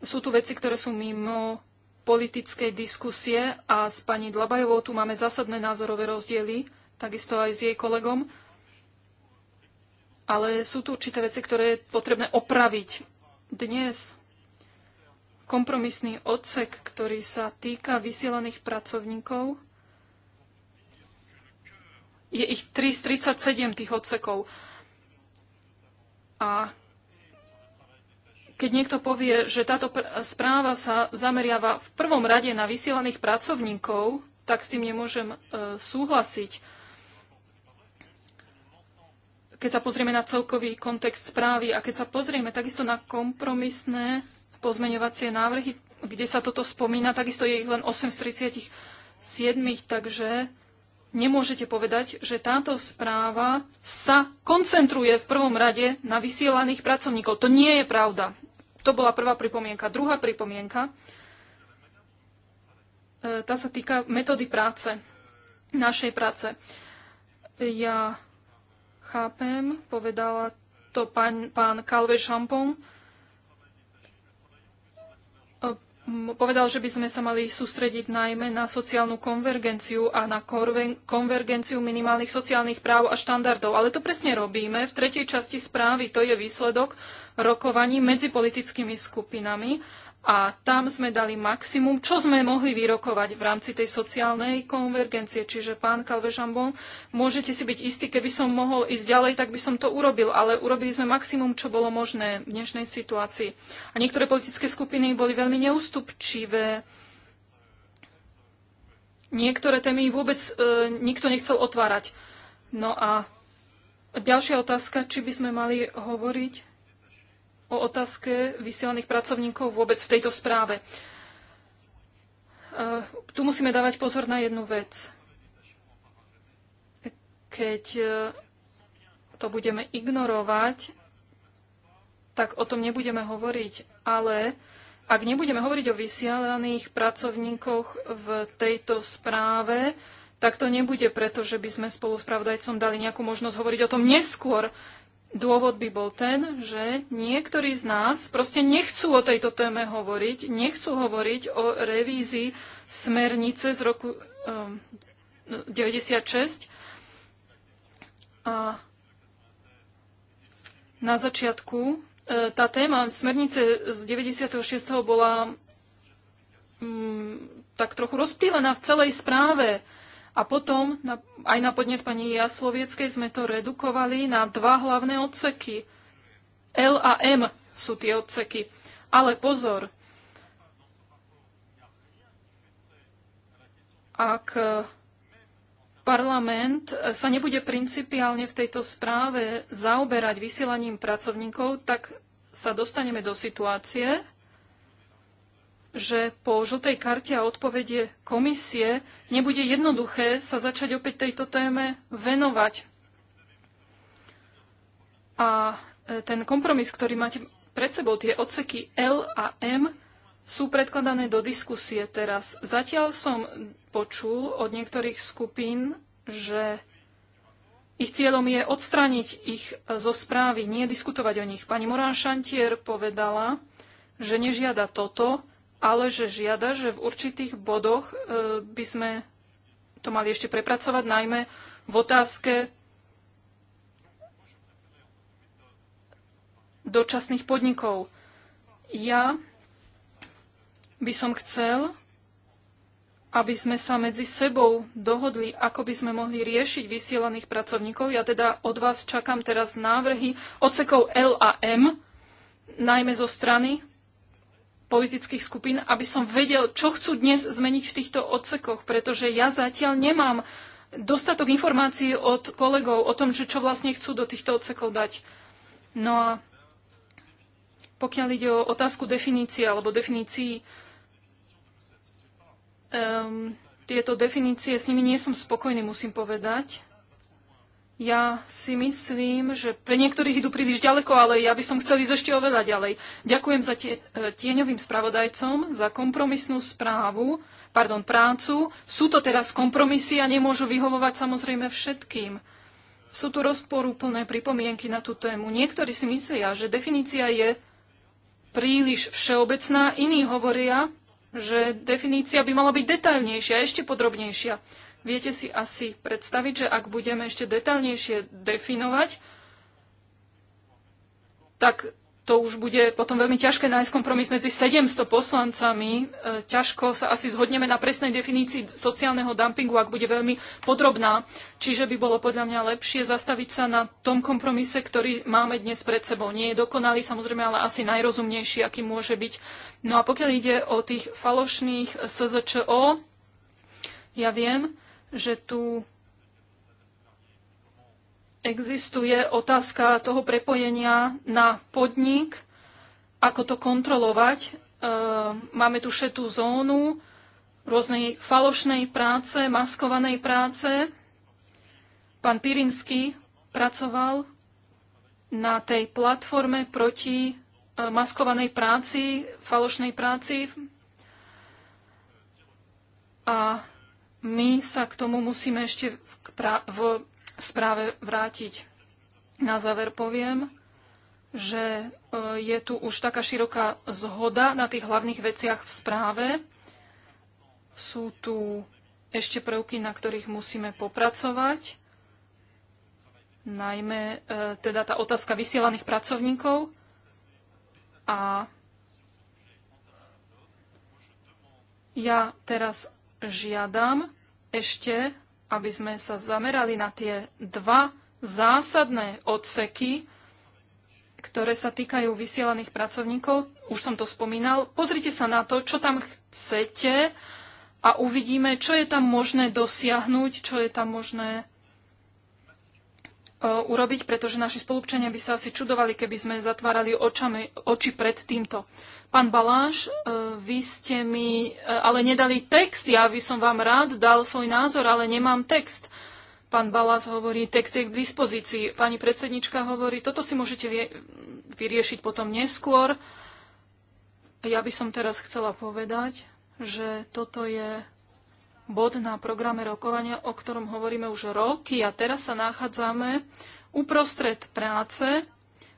Sú tu veci, ktoré sú mimo politickej diskusie a s pani Dlabajovou tu máme zásadné názorové rozdiely, takisto aj s jej kolegom. Ale sú tu určité veci, ktoré je potrebné opraviť. Dnes kompromisný odsek, ktorý sa týka vysielaných pracovníkov, je ich 337 37 tých odsekov. A keď niekto povie, že táto správa sa zameriava v prvom rade na vysielaných pracovníkov, tak s tým nemôžem e, súhlasiť. Keď sa pozrieme na celkový kontext správy a keď sa pozrieme takisto na kompromisné pozmeňovacie návrhy, kde sa toto spomína, takisto je ich len 8 z 37, takže nemôžete povedať, že táto správa sa koncentruje v prvom rade na vysielaných pracovníkov. To nie je pravda. To bola prvá pripomienka. Druhá pripomienka, e, tá sa týka metódy práce, našej práce. Ja chápem, povedala to pán, pán Calvé Champon, povedal, že by sme sa mali sústrediť najmä na sociálnu konvergenciu a na konvergenciu minimálnych sociálnych práv a štandardov. Ale to presne robíme. V tretej časti správy to je výsledok rokovaní medzi politickými skupinami a tam sme dali maximum, čo sme mohli vyrokovať v rámci tej sociálnej konvergencie. Čiže, pán Kalvežambon, môžete si byť istí, keby som mohol ísť ďalej, tak by som to urobil, ale urobili sme maximum, čo bolo možné v dnešnej situácii. A niektoré politické skupiny boli veľmi neústupčivé. Niektoré témy vôbec e, nikto nechcel otvárať. No a ďalšia otázka, či by sme mali hovoriť o otázke vysielaných pracovníkov vôbec v tejto správe. Eh, tu musíme dávať pozor na jednu vec. Keď eh, to budeme ignorovať, tak o tom nebudeme hovoriť. Ale ak nebudeme hovoriť o vysielaných pracovníkoch v tejto správe, tak to nebude, pretože by sme spolu s pravdajcom dali nejakú možnosť hovoriť o tom neskôr. Dôvod by bol ten, že niektorí z nás proste nechcú o tejto téme hovoriť, nechcú hovoriť o revízii smernice z roku um, A na začiatku e, tá téma smernice z 96. bola um, tak trochu rozptýlená v celej správe. A potom na, aj na podnet pani Jaslovieckej sme to redukovali na dva hlavné odseky. L a M sú tie odseky. Ale pozor, ak parlament sa nebude principiálne v tejto správe zaoberať vysielaním pracovníkov, tak sa dostaneme do situácie, že po žltej karte a odpovede komisie nebude jednoduché sa začať opäť tejto téme venovať. A e, ten kompromis, ktorý máte pred sebou, tie odseky L a M, sú predkladané do diskusie teraz. Zatiaľ som počul od niektorých skupín, že ich cieľom je odstrániť ich e, zo správy, nie diskutovať o nich. Pani Morán Šantier povedala, že nežiada toto, ale že žiada, že v určitých bodoch e, by sme to mali ešte prepracovať, najmä v otázke dočasných podnikov. Ja by som chcel, aby sme sa medzi sebou dohodli, ako by sme mohli riešiť vysielaných pracovníkov. Ja teda od vás čakám teraz návrhy odsekov L a M, najmä zo strany politických skupín, aby som vedel, čo chcú dnes zmeniť v týchto odsekoch, pretože ja zatiaľ nemám dostatok informácií od kolegov o tom, že čo vlastne chcú do týchto odsekov dať. No a pokiaľ ide o otázku definície alebo definícií, um, tieto definície, s nimi nie som spokojný, musím povedať. Ja si myslím, že pre niektorých idú príliš ďaleko, ale ja by som chcel ísť ešte oveľa ďalej. Ďakujem za tie, e, tieňovým spravodajcom za kompromisnú správu, pardon, prácu. Sú to teraz kompromisy a nemôžu vyhovovať samozrejme všetkým. Sú tu rozporúplné pripomienky na tú tému. Niektorí si myslia, že definícia je príliš všeobecná, iní hovoria, že definícia by mala byť detailnejšia, ešte podrobnejšia. Viete si asi predstaviť, že ak budeme ešte detaľnejšie definovať, tak to už bude potom veľmi ťažké nájsť kompromis medzi 700 poslancami. E, ťažko sa asi zhodneme na presnej definícii sociálneho dumpingu, ak bude veľmi podrobná. Čiže by bolo podľa mňa lepšie zastaviť sa na tom kompromise, ktorý máme dnes pred sebou. Nie je dokonalý, samozrejme, ale asi najrozumnejší, aký môže byť. No a pokiaľ ide o tých falošných SZČO, ja viem, že tu existuje otázka toho prepojenia na podnik, ako to kontrolovať. E, máme tu šetú zónu rôznej falošnej práce, maskovanej práce. Pán Pirinsky pracoval na tej platforme proti e, maskovanej práci, falošnej práci. A my sa k tomu musíme ešte v, v správe vrátiť. Na záver poviem, že e, je tu už taká široká zhoda na tých hlavných veciach v správe. Sú tu ešte prvky, na ktorých musíme popracovať, najmä e, teda tá otázka vysielaných pracovníkov a ja teraz žiadam ešte, aby sme sa zamerali na tie dva zásadné odseky, ktoré sa týkajú vysielaných pracovníkov. Už som to spomínal. Pozrite sa na to, čo tam chcete a uvidíme, čo je tam možné dosiahnuť, čo je tam možné E, urobiť, pretože naši spolupčania by sa asi čudovali, keby sme zatvárali očami, oči pred týmto. Pán Baláš, e, vy ste mi e, ale nedali text. Ja by som vám rád dal svoj názor, ale nemám text. Pán Balás hovorí, text je k dispozícii. Pani predsednička hovorí, toto si môžete vyriešiť potom neskôr. Ja by som teraz chcela povedať, že toto je bod na programe rokovania, o ktorom hovoríme už roky a teraz sa nachádzame uprostred práce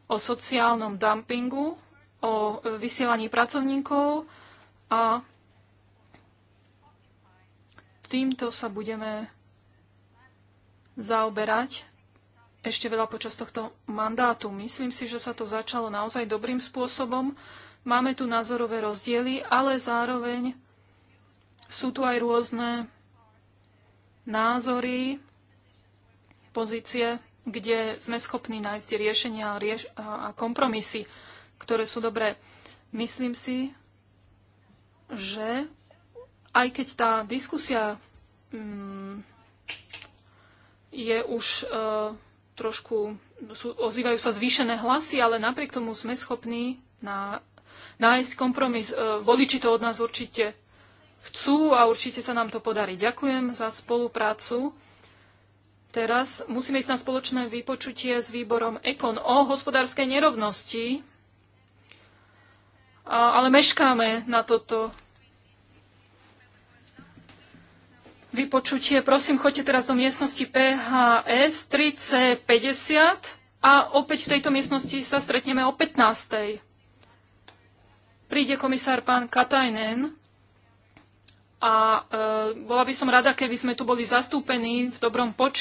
o sociálnom dumpingu, o vysielaní pracovníkov a týmto sa budeme zaoberať ešte veľa počas tohto mandátu. Myslím si, že sa to začalo naozaj dobrým spôsobom. Máme tu názorové rozdiely, ale zároveň sú tu aj rôzne názory, pozície, kde sme schopní nájsť riešenia a kompromisy, ktoré sú dobré. Myslím si, že aj keď tá diskusia mm, je už e, trošku, sú, ozývajú sa zvýšené hlasy, ale napriek tomu sme schopní na, nájsť kompromis. E, voliči to od nás určite chcú a určite sa nám to podarí. Ďakujem za spoluprácu. Teraz musíme ísť na spoločné vypočutie s výborom EKON o hospodárskej nerovnosti, a, ale meškáme na toto vypočutie. Prosím, choďte teraz do miestnosti PHS 3C50 a opäť v tejto miestnosti sa stretneme o 15. Príde komisár pán Katajnen a e, bola by som rada, keby sme tu boli zastúpení v dobrom počte.